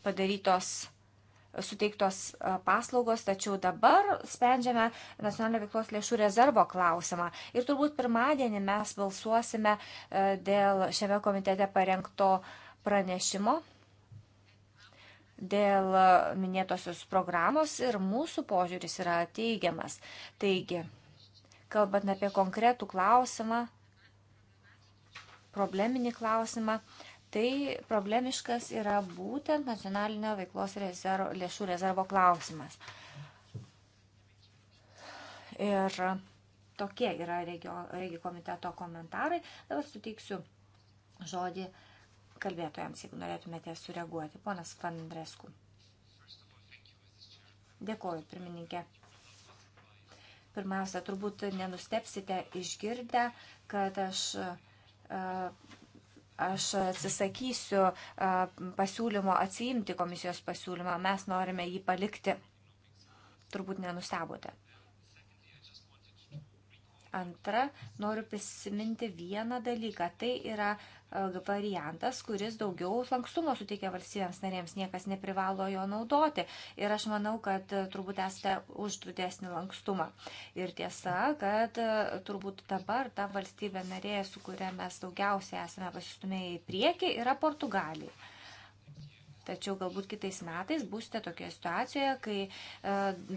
padarytos suteiktos paslaugos, tačiau dabar sprendžiame nacionalinio veiklos lėšų rezervo klausimą. Ir turbūt pirmadienį mes balsuosime dėl šiame komitete parengto pranešimo dėl minėtosios programos ir mūsų požiūris yra teigiamas. Taigi, kalbant apie konkretų klausimą, probleminį klausimą, tai problemiškas yra būtent nacionalinio veiklos rezervo, lėšų rezervo klausimas. Ir tokie yra regio, regio komiteto komentarai. Dabar suteiksiu žodį kalbėtojams, jeigu norėtumėte sureaguoti. Ponas Fandresku. Dėkoju, pirmininkė. Pirmiausia, turbūt nenustepsite išgirdę, kad aš Aš atsisakysiu pasiūlymo atsiimti komisijos pasiūlymą, mes norime jį palikti. Turbūt nenustebote. Antra, noriu prisiminti vieną dalyką. Tai yra e, variantas, kuris daugiau lankstumo suteikia valstybėms narėms, niekas neprivalo jo naudoti. Ir aš manau, kad e, turbūt esate už didesnį lankstumą. Ir tiesa, kad e, turbūt dabar ta valstybė narė, su kuria mes daugiausiai esame pasistumėję į priekį, yra Portugalija. Tačiau galbūt kitais metais būsite tokioje situacijoje, kai e,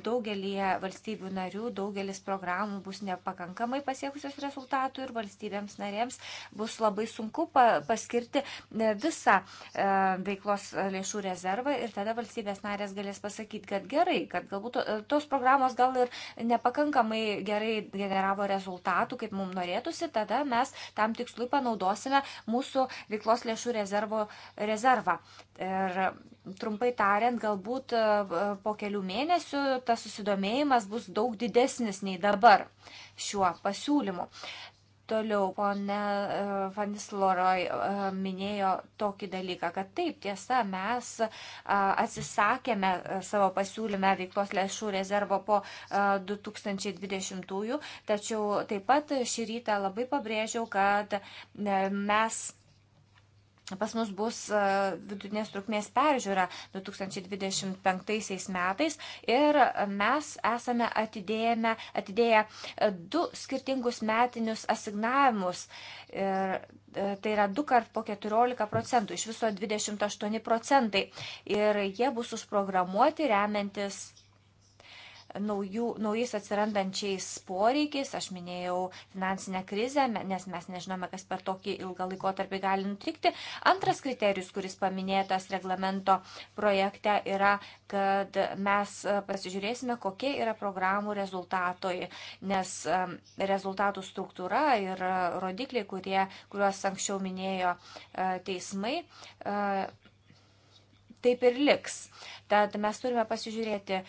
daugelį valstybių narių, daugelis programų bus nepakankamai pasiekusios rezultatų ir valstybėms narėms bus labai sunku paskirti e, visą e, veiklos lėšų rezervą ir tada valstybės narės galės pasakyti, kad gerai, kad galbūt tos programos gal ir nepakankamai gerai generavo rezultatų, kaip mums norėtųsi, tada mes tam tikslui panaudosime mūsų veiklos lėšų rezervo, rezervą. Ir E, trumpai tariant, galbūt e, e, po kelių mėnesių tas susidomėjimas bus daug didesnis nei dabar šiuo pasiūlymu. Toliau, ponė Vanisloroj minėjo tokį dalyką, kad taip, tiesa, mes atsisakėme savo pasiūlyme veiklos lėšų rezervo po 2020-ųjų, tačiau taip pat šį rytą labai pabrėžiau, kad mes Pas mus bus e, vidutinės trukmės peržiūra 2025 metais ir mes esame atidėjame, atidėję e, du skirtingus metinius asignavimus. Ir e, tai yra du kart po 14 procentų, iš viso 28 procentai. Ir jie bus užprogramuoti remiantis naujų, naujais atsirandančiais poreikiais. Aš minėjau finansinę krizę, nes mes nežinome, kas per tokį ilgą laikotarpį gali nutikti. Antras kriterijus, kuris paminėtas reglamento projekte, yra, kad mes e, pasižiūrėsime, kokie yra programų rezultatoj, nes e, rezultatų struktūra ir rodikliai, kurie, kuriuos anksčiau minėjo e, teismai, taip ir liks. Tad mes turime pasižiūrėti,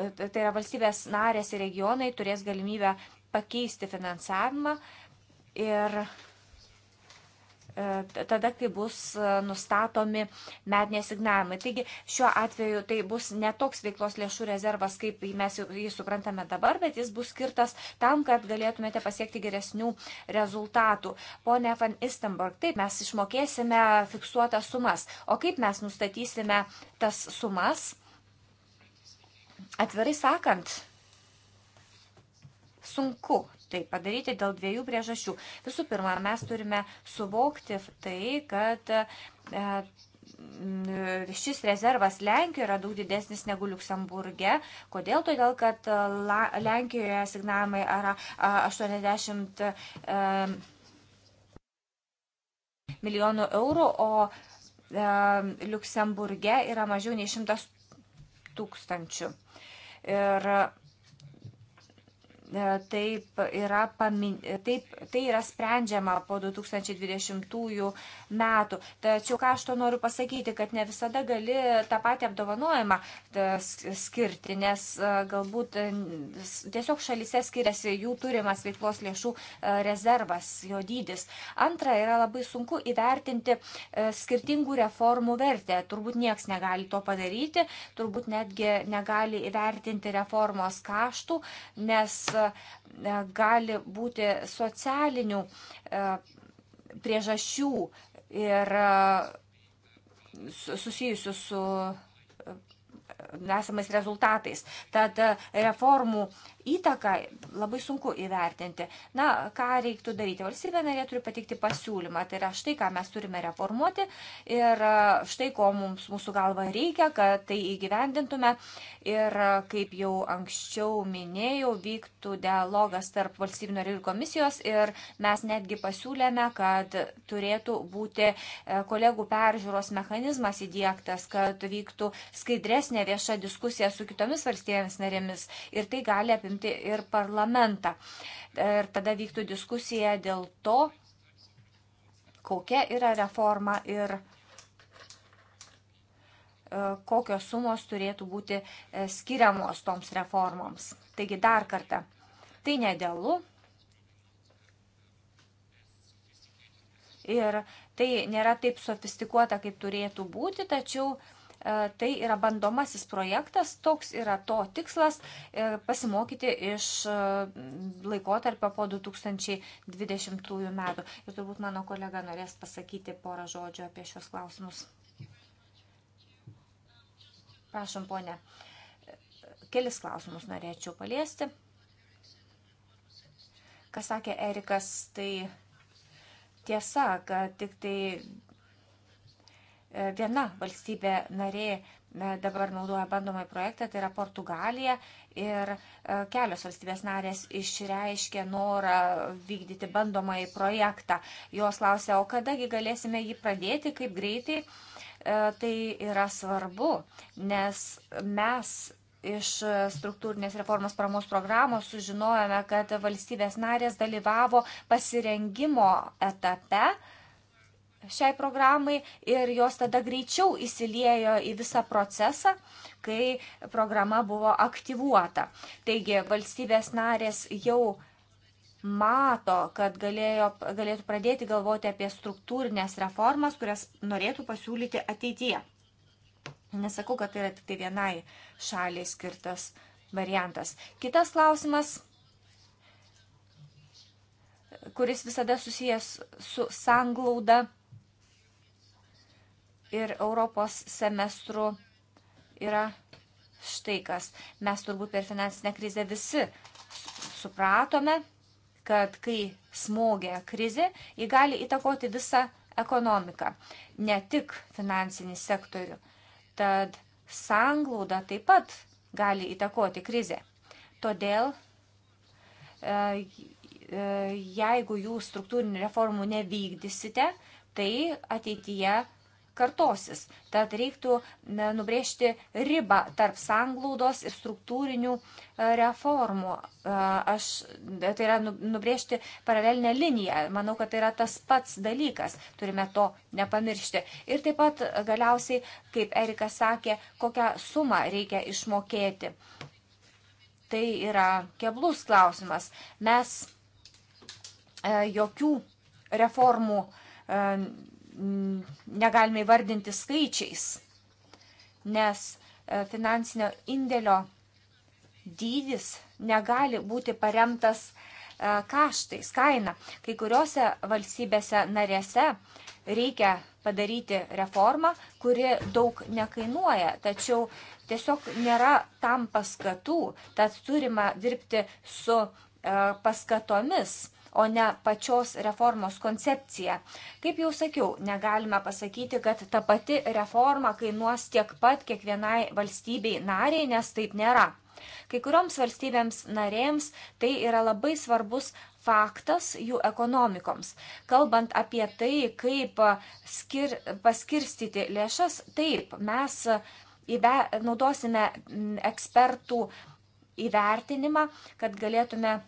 E, tai yra valstybės narės ir regionai turės galimybę pakeisti finansavimą ir e, tada, kai bus e, nustatomi metiniai signavimai. Taigi šiuo atveju tai bus netoks veiklos lėšų rezervas, kaip mes jį suprantame dabar, bet jis bus skirtas tam, kad galėtumėte pasiekti geresnių rezultatų. Pone Van Istenburg, taip mes išmokėsime fiksuotas sumas. O kaip mes nustatysime tas sumas? Atvirai sakant, sunku tai padaryti dėl dviejų priežasčių. Visų pirma, mes turime suvokti tai, kad e, šis rezervas Lenkijoje yra daug didesnis negu Luksemburge. Kodėl? Todėl, kad Lenkijoje signavimai yra 80 e, milijonų eurų, o e, Luksemburge yra mažiau nei 100 tūkstančių. Ir E, taip yra, pamin, taip, tai yra sprendžiama po 2020 metų. Tačiau ką aš to noriu pasakyti, kad ne visada gali tą patį apdovanojimą e, skirti, nes e, galbūt tiesiog šalise skiriasi jų turimas veiklos lėšų rezervas, jo dydis. Antra, yra labai sunku įvertinti skirtingų reformų vertę. Turbūt nieks negali to padaryti, turbūt netgi negali įvertinti reformos kaštų, nes E, gali būti socialinių e, priežasčių ir e, susijusių su esamais rezultatais. Tad reformų įtaką labai sunku įvertinti. Na, ką reiktų daryti? Valstybė narė turi patikti pasiūlymą. Tai yra štai, ką mes turime reformuoti ir e, štai, ko mums mūsų galva reikia, kad tai įgyvendintume. Ir e, kaip jau anksčiau minėjau, vyktų dialogas tarp valstybių narių ir komisijos ir mes netgi pasiūlėme, kad turėtų būti e, kolegų peržiūros mechanizmas įdėktas, kad vyktų skaidresnė vieša diskusija su kitomis valstybėmis narėmis. Ir tai gali apimti apimti ir parlamentą. Ir tada vyktų diskusija dėl to, kokia yra reforma ir e, kokios sumos turėtų būti e, skiriamos toms reformoms. Taigi dar kartą, tai nedėlu, Ir tai nėra taip sofistikuota, kaip turėtų būti, tačiau E, tai yra bandomasis projektas, toks yra to tikslas e, pasimokyti iš e, laikotarpio po 2020 metų. Ir turbūt mano kolega norės pasakyti porą žodžių apie šios klausimus. Prašom, ponė. Kelis klausimus norėčiau paliesti. Kas sakė Erikas, tai tiesa, kad tik tai E, viena valstybė narė e, dabar naudoja bandomąjį projektą, tai yra Portugalija. Ir e, kelios valstybės narės išreiškė norą vykdyti bandomąjį projektą. Jos klausė, o kadagi galėsime jį pradėti, kaip greitai. Tai yra svarbu, nes mes iš struktūrinės reformos paramos programos sužinojame, kad valstybės narės dalyvavo pasirengimo etape šiai programai ir jos tada greičiau įsiliejo į visą procesą, kai programa buvo aktyvuota. Taigi valstybės narės jau mato, kad galėjo, galėtų pradėti galvoti apie struktūrinės reformas, kurias norėtų pasiūlyti ateityje. Nesakau, kad tai yra tik tai vienai šaliai skirtas variantas. Kitas klausimas kuris visada susijęs su sanglauda ir Europos semestru yra štai kas. Mes turbūt per finansinę krizę visi supratome, kad kai smogia krizė, ji gali įtakoti visą ekonomiką, ne tik finansinį sektorių. Tad sanglauda taip pat gali įtakoti krizę. Todėl, e, e, jeigu jūs struktūrinių reformų nevykdysite, tai ateityje kartosis. Tad reiktų nubrėžti ribą tarp sanglaudos ir struktūrinių e, reformų. E, aš, e, tai yra nu, nubrėžti paralelinę liniją. Manau, kad tai yra tas pats dalykas. Turime to nepamiršti. Ir taip pat galiausiai, kaip Erikas sakė, kokią sumą reikia išmokėti. Tai yra keblus klausimas. Mes jokių reformų Mm, negalime įvardinti skaičiais, nes e, finansinio indėlio dydis negali būti paremtas e, kaštais, kaina. Kai kuriuose valstybėse narėse reikia padaryti reformą, kuri daug nekainuoja, tačiau tiesiog nėra tam paskatų, tad turime dirbti su e, paskatomis o ne pačios reformos koncepciją. Kaip jau sakiau, negalime pasakyti, kad ta pati reforma kainuos tiek pat kiekvienai valstybei nariai, nes taip nėra. Kai kurioms valstybėms narėms tai yra labai svarbus faktas jų ekonomikoms. Kalbant apie tai, kaip skir, paskirstyti lėšas, taip, mes įve, naudosime mm, ekspertų įvertinimą, kad galėtume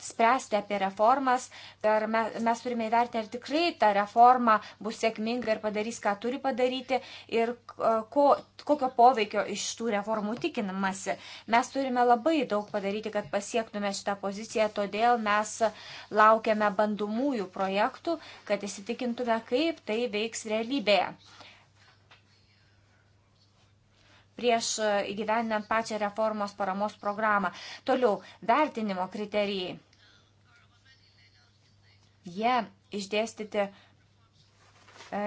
spręsti apie reformas, ar mes turime įvertinti, ar tikrai ta reforma bus sėkminga ir padarys, ką turi padaryti ir e, ko, kokio poveikio iš tų reformų tikinamasi. Mes turime labai daug padaryti, kad pasiektume šitą poziciją, todėl mes laukiame bandomųjų projektų, kad įsitikintume, kaip tai veiks realybėje prieš įgyvendinant pačią reformos paramos programą. Toliau, vertinimo kriterijai. Jie išdėstyti e,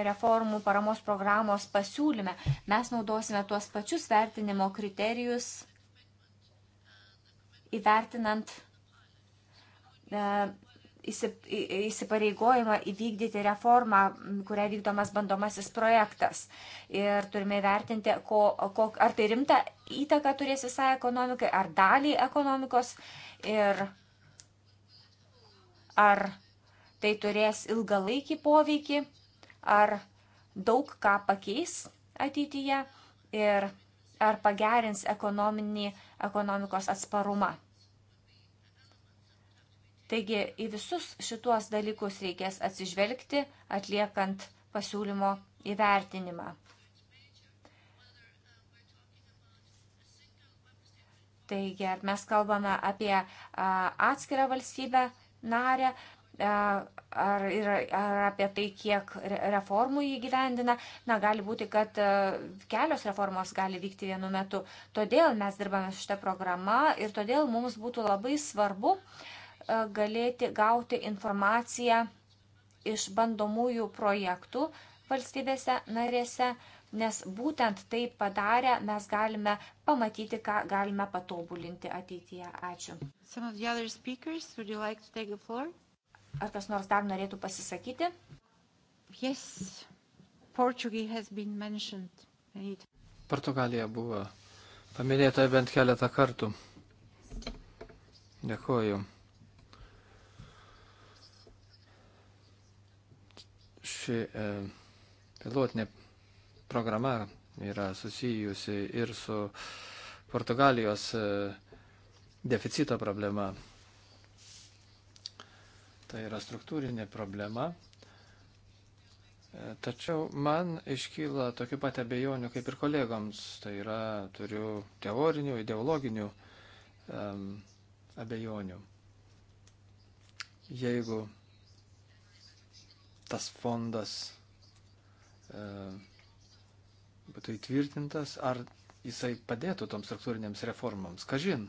reformų paramos programos pasiūlyme. Mes naudosime tuos pačius vertinimo kriterijus įvertinant e, įsipareigojimą įvykdyti reformą, kurią vykdomas bandomasis projektas. Ir turime vertinti, ko, ko, ar tai rimta įtaka turės visai ekonomikai, ar dalį ekonomikos ir ar tai turės ilgalaikį poveikį, ar daug ką pakeis ateityje ir ar pagerins ekonominį ekonomikos atsparumą. Taigi į visus šituos dalykus reikės atsižvelgti, atliekant pasiūlymo įvertinimą. Taigi, ar mes kalbame apie atskirą valstybę narę, E, ar, ir, ar apie tai, kiek reformų įgyvendina. Na, gali būti, kad e, kelios reformos gali vykti vienu metu. Todėl mes dirbame šitą programą ir todėl mums būtų labai svarbu e, galėti gauti informaciją iš bandomųjų projektų valstybėse narėse, nes būtent tai padarę mes galime pamatyti, ką galime patobulinti ateityje. Ačiū. Ar kas nors dar norėtų pasisakyti? Yes. Portugalija buvo paminėta bent keletą kartų. Dėkuoju. Ši e, pilotinė programa yra susijusi ir su Portugalijos e, deficito problema. Tai yra struktūrinė problema. Tačiau man iškyla tokių pat abejonių kaip ir kolegoms. Tai yra, turiu teorinių, ideologinių um, abejonių. Jeigu tas fondas um, būtų įtvirtintas, ar jisai padėtų toms struktūrinėms reformams. Kažin,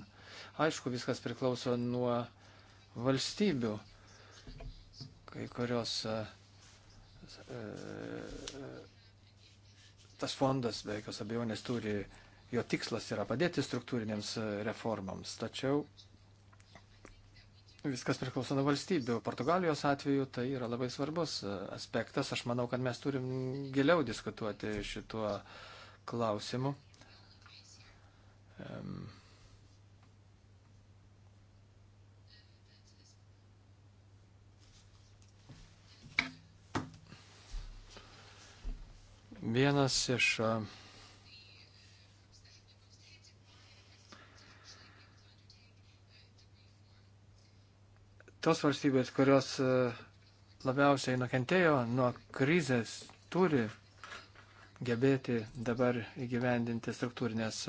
aišku, viskas priklauso nuo valstybių kai kurios e, e, tas fondas, be jokios abejonės, turi, jo tikslas yra padėti struktūrinėms e, reformams. Tačiau viskas priklauso nuo valstybių. Portugalijos atveju tai yra labai svarbus aspektas. Aš manau, kad mes turim giliau diskutuoti šituo klausimu. Um Vienas iš tos valstybės, kurios labiausiai nukentėjo nuo krizės, turi gebėti dabar įgyvendinti struktūrinės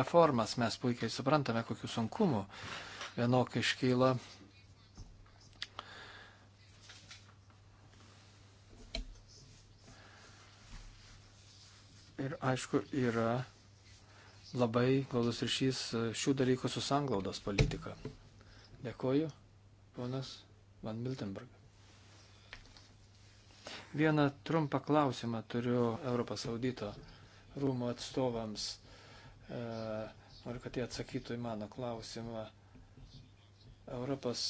reformas. Mes puikiai suprantame, kokiu sunkumu vienok iškyla Ir aišku, yra labai glaudus ryšys e, šių dalykų su sanglaudos politika. Dėkoju, ponas Van Miltenberg. Vieną trumpą klausimą turiu Europos audito rūmų atstovams. E, noriu, kad jie atsakytų į mano klausimą. Europos,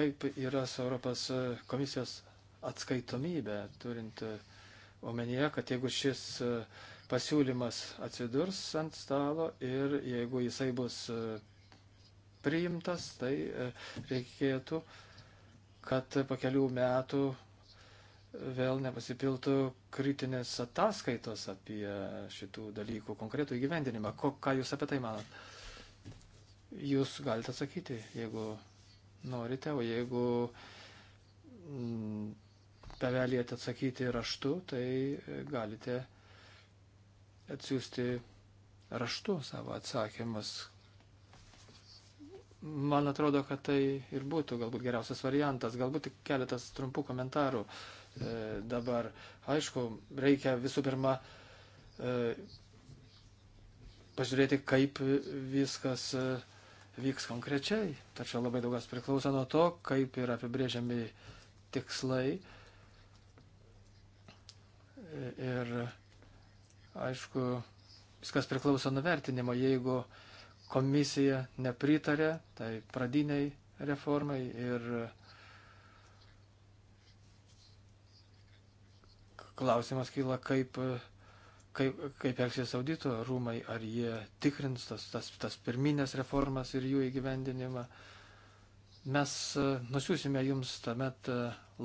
kaip yra su Europos e, komisijos atskaitomybė, turint uh, omenyje, kad jeigu šis e, pasiūlymas atsidurs ant stalo ir jeigu jisai bus e, priimtas, tai e, reikėtų, kad po kelių metų vėl nepasipiltų kritinės ataskaitos apie šitų dalykų konkretų įgyvendinimą. Ko, ką Jūs apie tai manat? Jūs galite atsakyti, jeigu norite, o jeigu mm, pavelėt atsakyti raštu, tai galite atsiųsti raštu savo atsakymus. Man atrodo, kad tai ir būtų galbūt geriausias variantas. Galbūt tik keletas trumpų komentarų e, dabar. Aišku, reikia visų pirma e, pažiūrėti, kaip viskas. E, vyks konkrečiai, tačiau labai daugas priklauso nuo to, kaip yra apibrėžiami tikslai Ir aišku, viskas priklauso nuo vertinimo. Jeigu komisija nepritarė tai pradiniai reformai ir klausimas kyla, kaip, kaip, kaip elgsis audito rūmai, ar jie tikrins tas, tas, tas pirminės reformas ir jų įgyvendinimą. Mes e, nusiusime jums tuomet e,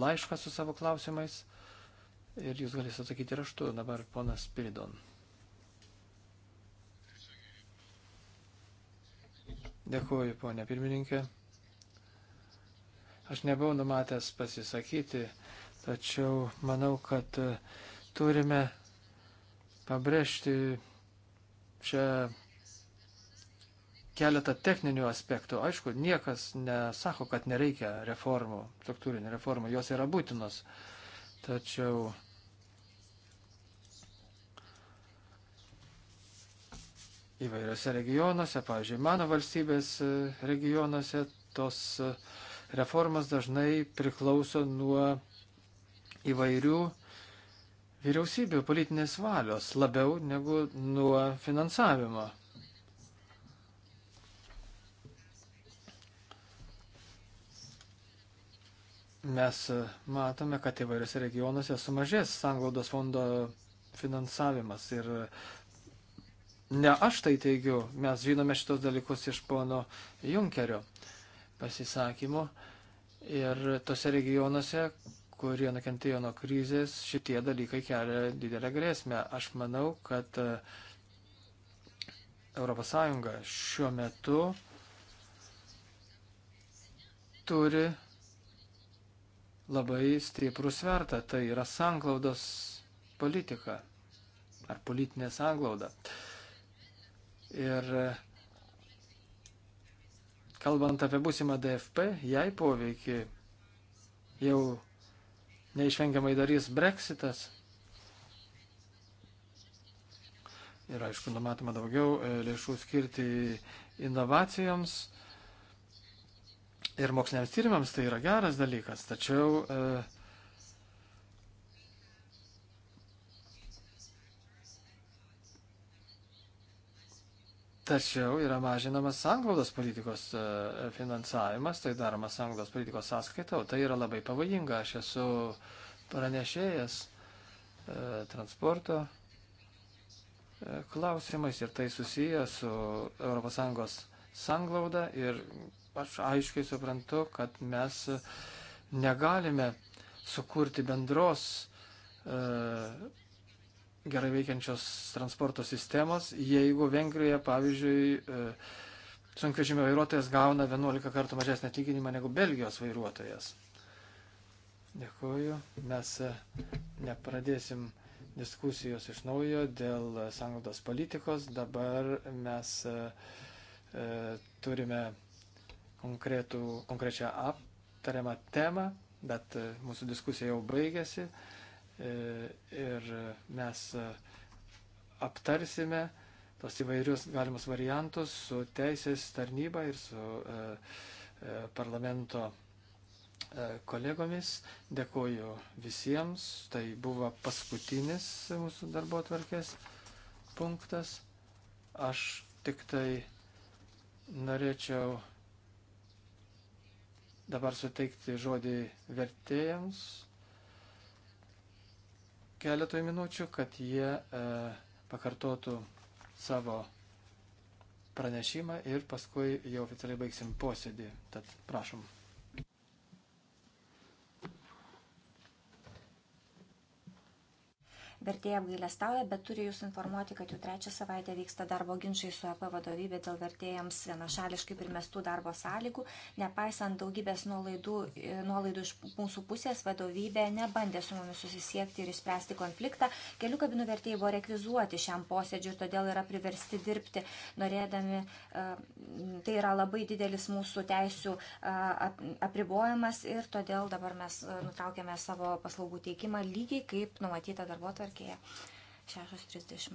laišką su savo klausimais ir jūs galėsite atsakyti raštu. Dabar ponas Piridon. Dėkuoju, ponė pirmininkė. Aš nebuvau numatęs pasisakyti, tačiau manau, kad e, turime pabrėžti čia keletą techninių aspektų. Aišku, niekas nesako, kad nereikia reformų, struktūrinių reformų, jos yra būtinos. Tačiau įvairiose regionuose, pavyzdžiui, mano valstybės e, regionuose tos e, reformas dažnai priklauso nuo įvairių vyriausybių politinės valios labiau negu nuo finansavimo. Mes e, matome, kad įvairiose regionuose sumažės sanglaudos fondo finansavimas ir Ne aš tai teigiu, mes žinome šitos dalykus iš pono Junkerio pasisakymo. Ir tose regionuose, kurie nukentėjo nuo krizės, šitie dalykai kelia didelę grėsmę. Aš manau, kad ES šiuo metu turi labai stiprų svertą. Tai yra sanglaudos politika ar politinė sanglauda. Uh, Ir e, kalbant apie būsimą DFP, jai poveikį jau neišvengiamai darys breksitas. Ir aišku, numatoma daugiau e, lėšų skirti inovacijoms ir moksliniams tyrimams, tai yra geras dalykas. Tačiau e, Tačiau yra mažinamas sanglaudos politikos e, finansavimas, tai daromas sanglaudos politikos sąskaita, o tai yra labai pavojinga. Aš esu pranešėjas e, transporto e, klausimais ir tai susiję su ES sanglauda ir aš aiškiai suprantu, kad mes negalime sukurti bendros gerai veikiančios transporto sistemos, jeigu Vengrijoje, pavyzdžiui, e, sunkvežimio vairuotojas gauna 11 kartų mažesnį atlyginimą negu Belgijos vairuotojas. Dėkuoju. Mes e, nepradėsim diskusijos iš naujo dėl sąnaudos politikos. Dabar mes e, e turime konkretų, konkrečią aptariamą temą, bet mūsų diskusija jau baigėsi. E, ir mes e, aptarsime tos įvairius galimus variantus su teisės tarnyba ir su e, parlamento kolegomis. Dėkoju visiems. Tai buvo paskutinis mūsų darbo atvarkės punktas. Aš tik tai norėčiau dabar suteikti žodį vertėjams keletoj minučių, kad jie e, pakartotų savo pranešimą ir paskui jau oficialiai baigsim posėdį. Tad prašom. Vertėjai apgailestauja, bet turi jūs informuoti, kad jau trečią savaitę vyksta darbo ginčiai su EP vadovybė dėl vertėjams vienašališkai primestų darbo sąlygų. Nepaisant daugybės nuolaidų, e, nuolaidų iš mūsų pusės, vadovybė nebandė su mumis susisiekti ir išspręsti konfliktą. Kelių kabinų vertėjai buvo rekvizuoti šiam posėdžiui ir todėl yra priversti dirbti, norėdami, e, tai yra labai didelis mūsų teisų apribojimas ir todėl dabar mes e, nutraukėme savo paslaugų teikimą lygiai kaip numatyta darbo tvarkė Turkija. 6.30.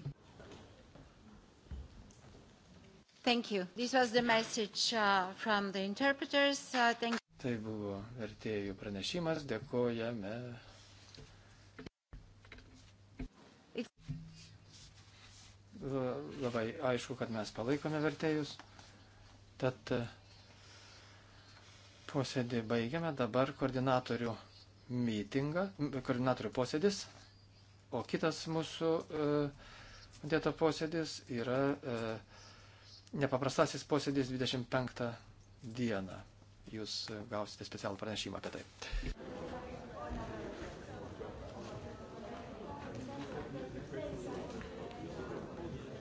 Thank you. This was the message uh, from the interpreters. Uh, thank tai buvo vertėjų pranešimas. Dėkojame. Labai aišku, kad mes palaikome vertėjus. Tad posėdį baigiame. Dabar koordinatorių mitingą, koordinatorių posėdis. O kitas mūsų komiteto posėdis yra e, nepaprastasis posėdis 25 dieną. Jūs gausite specialų pranešimą apie tai.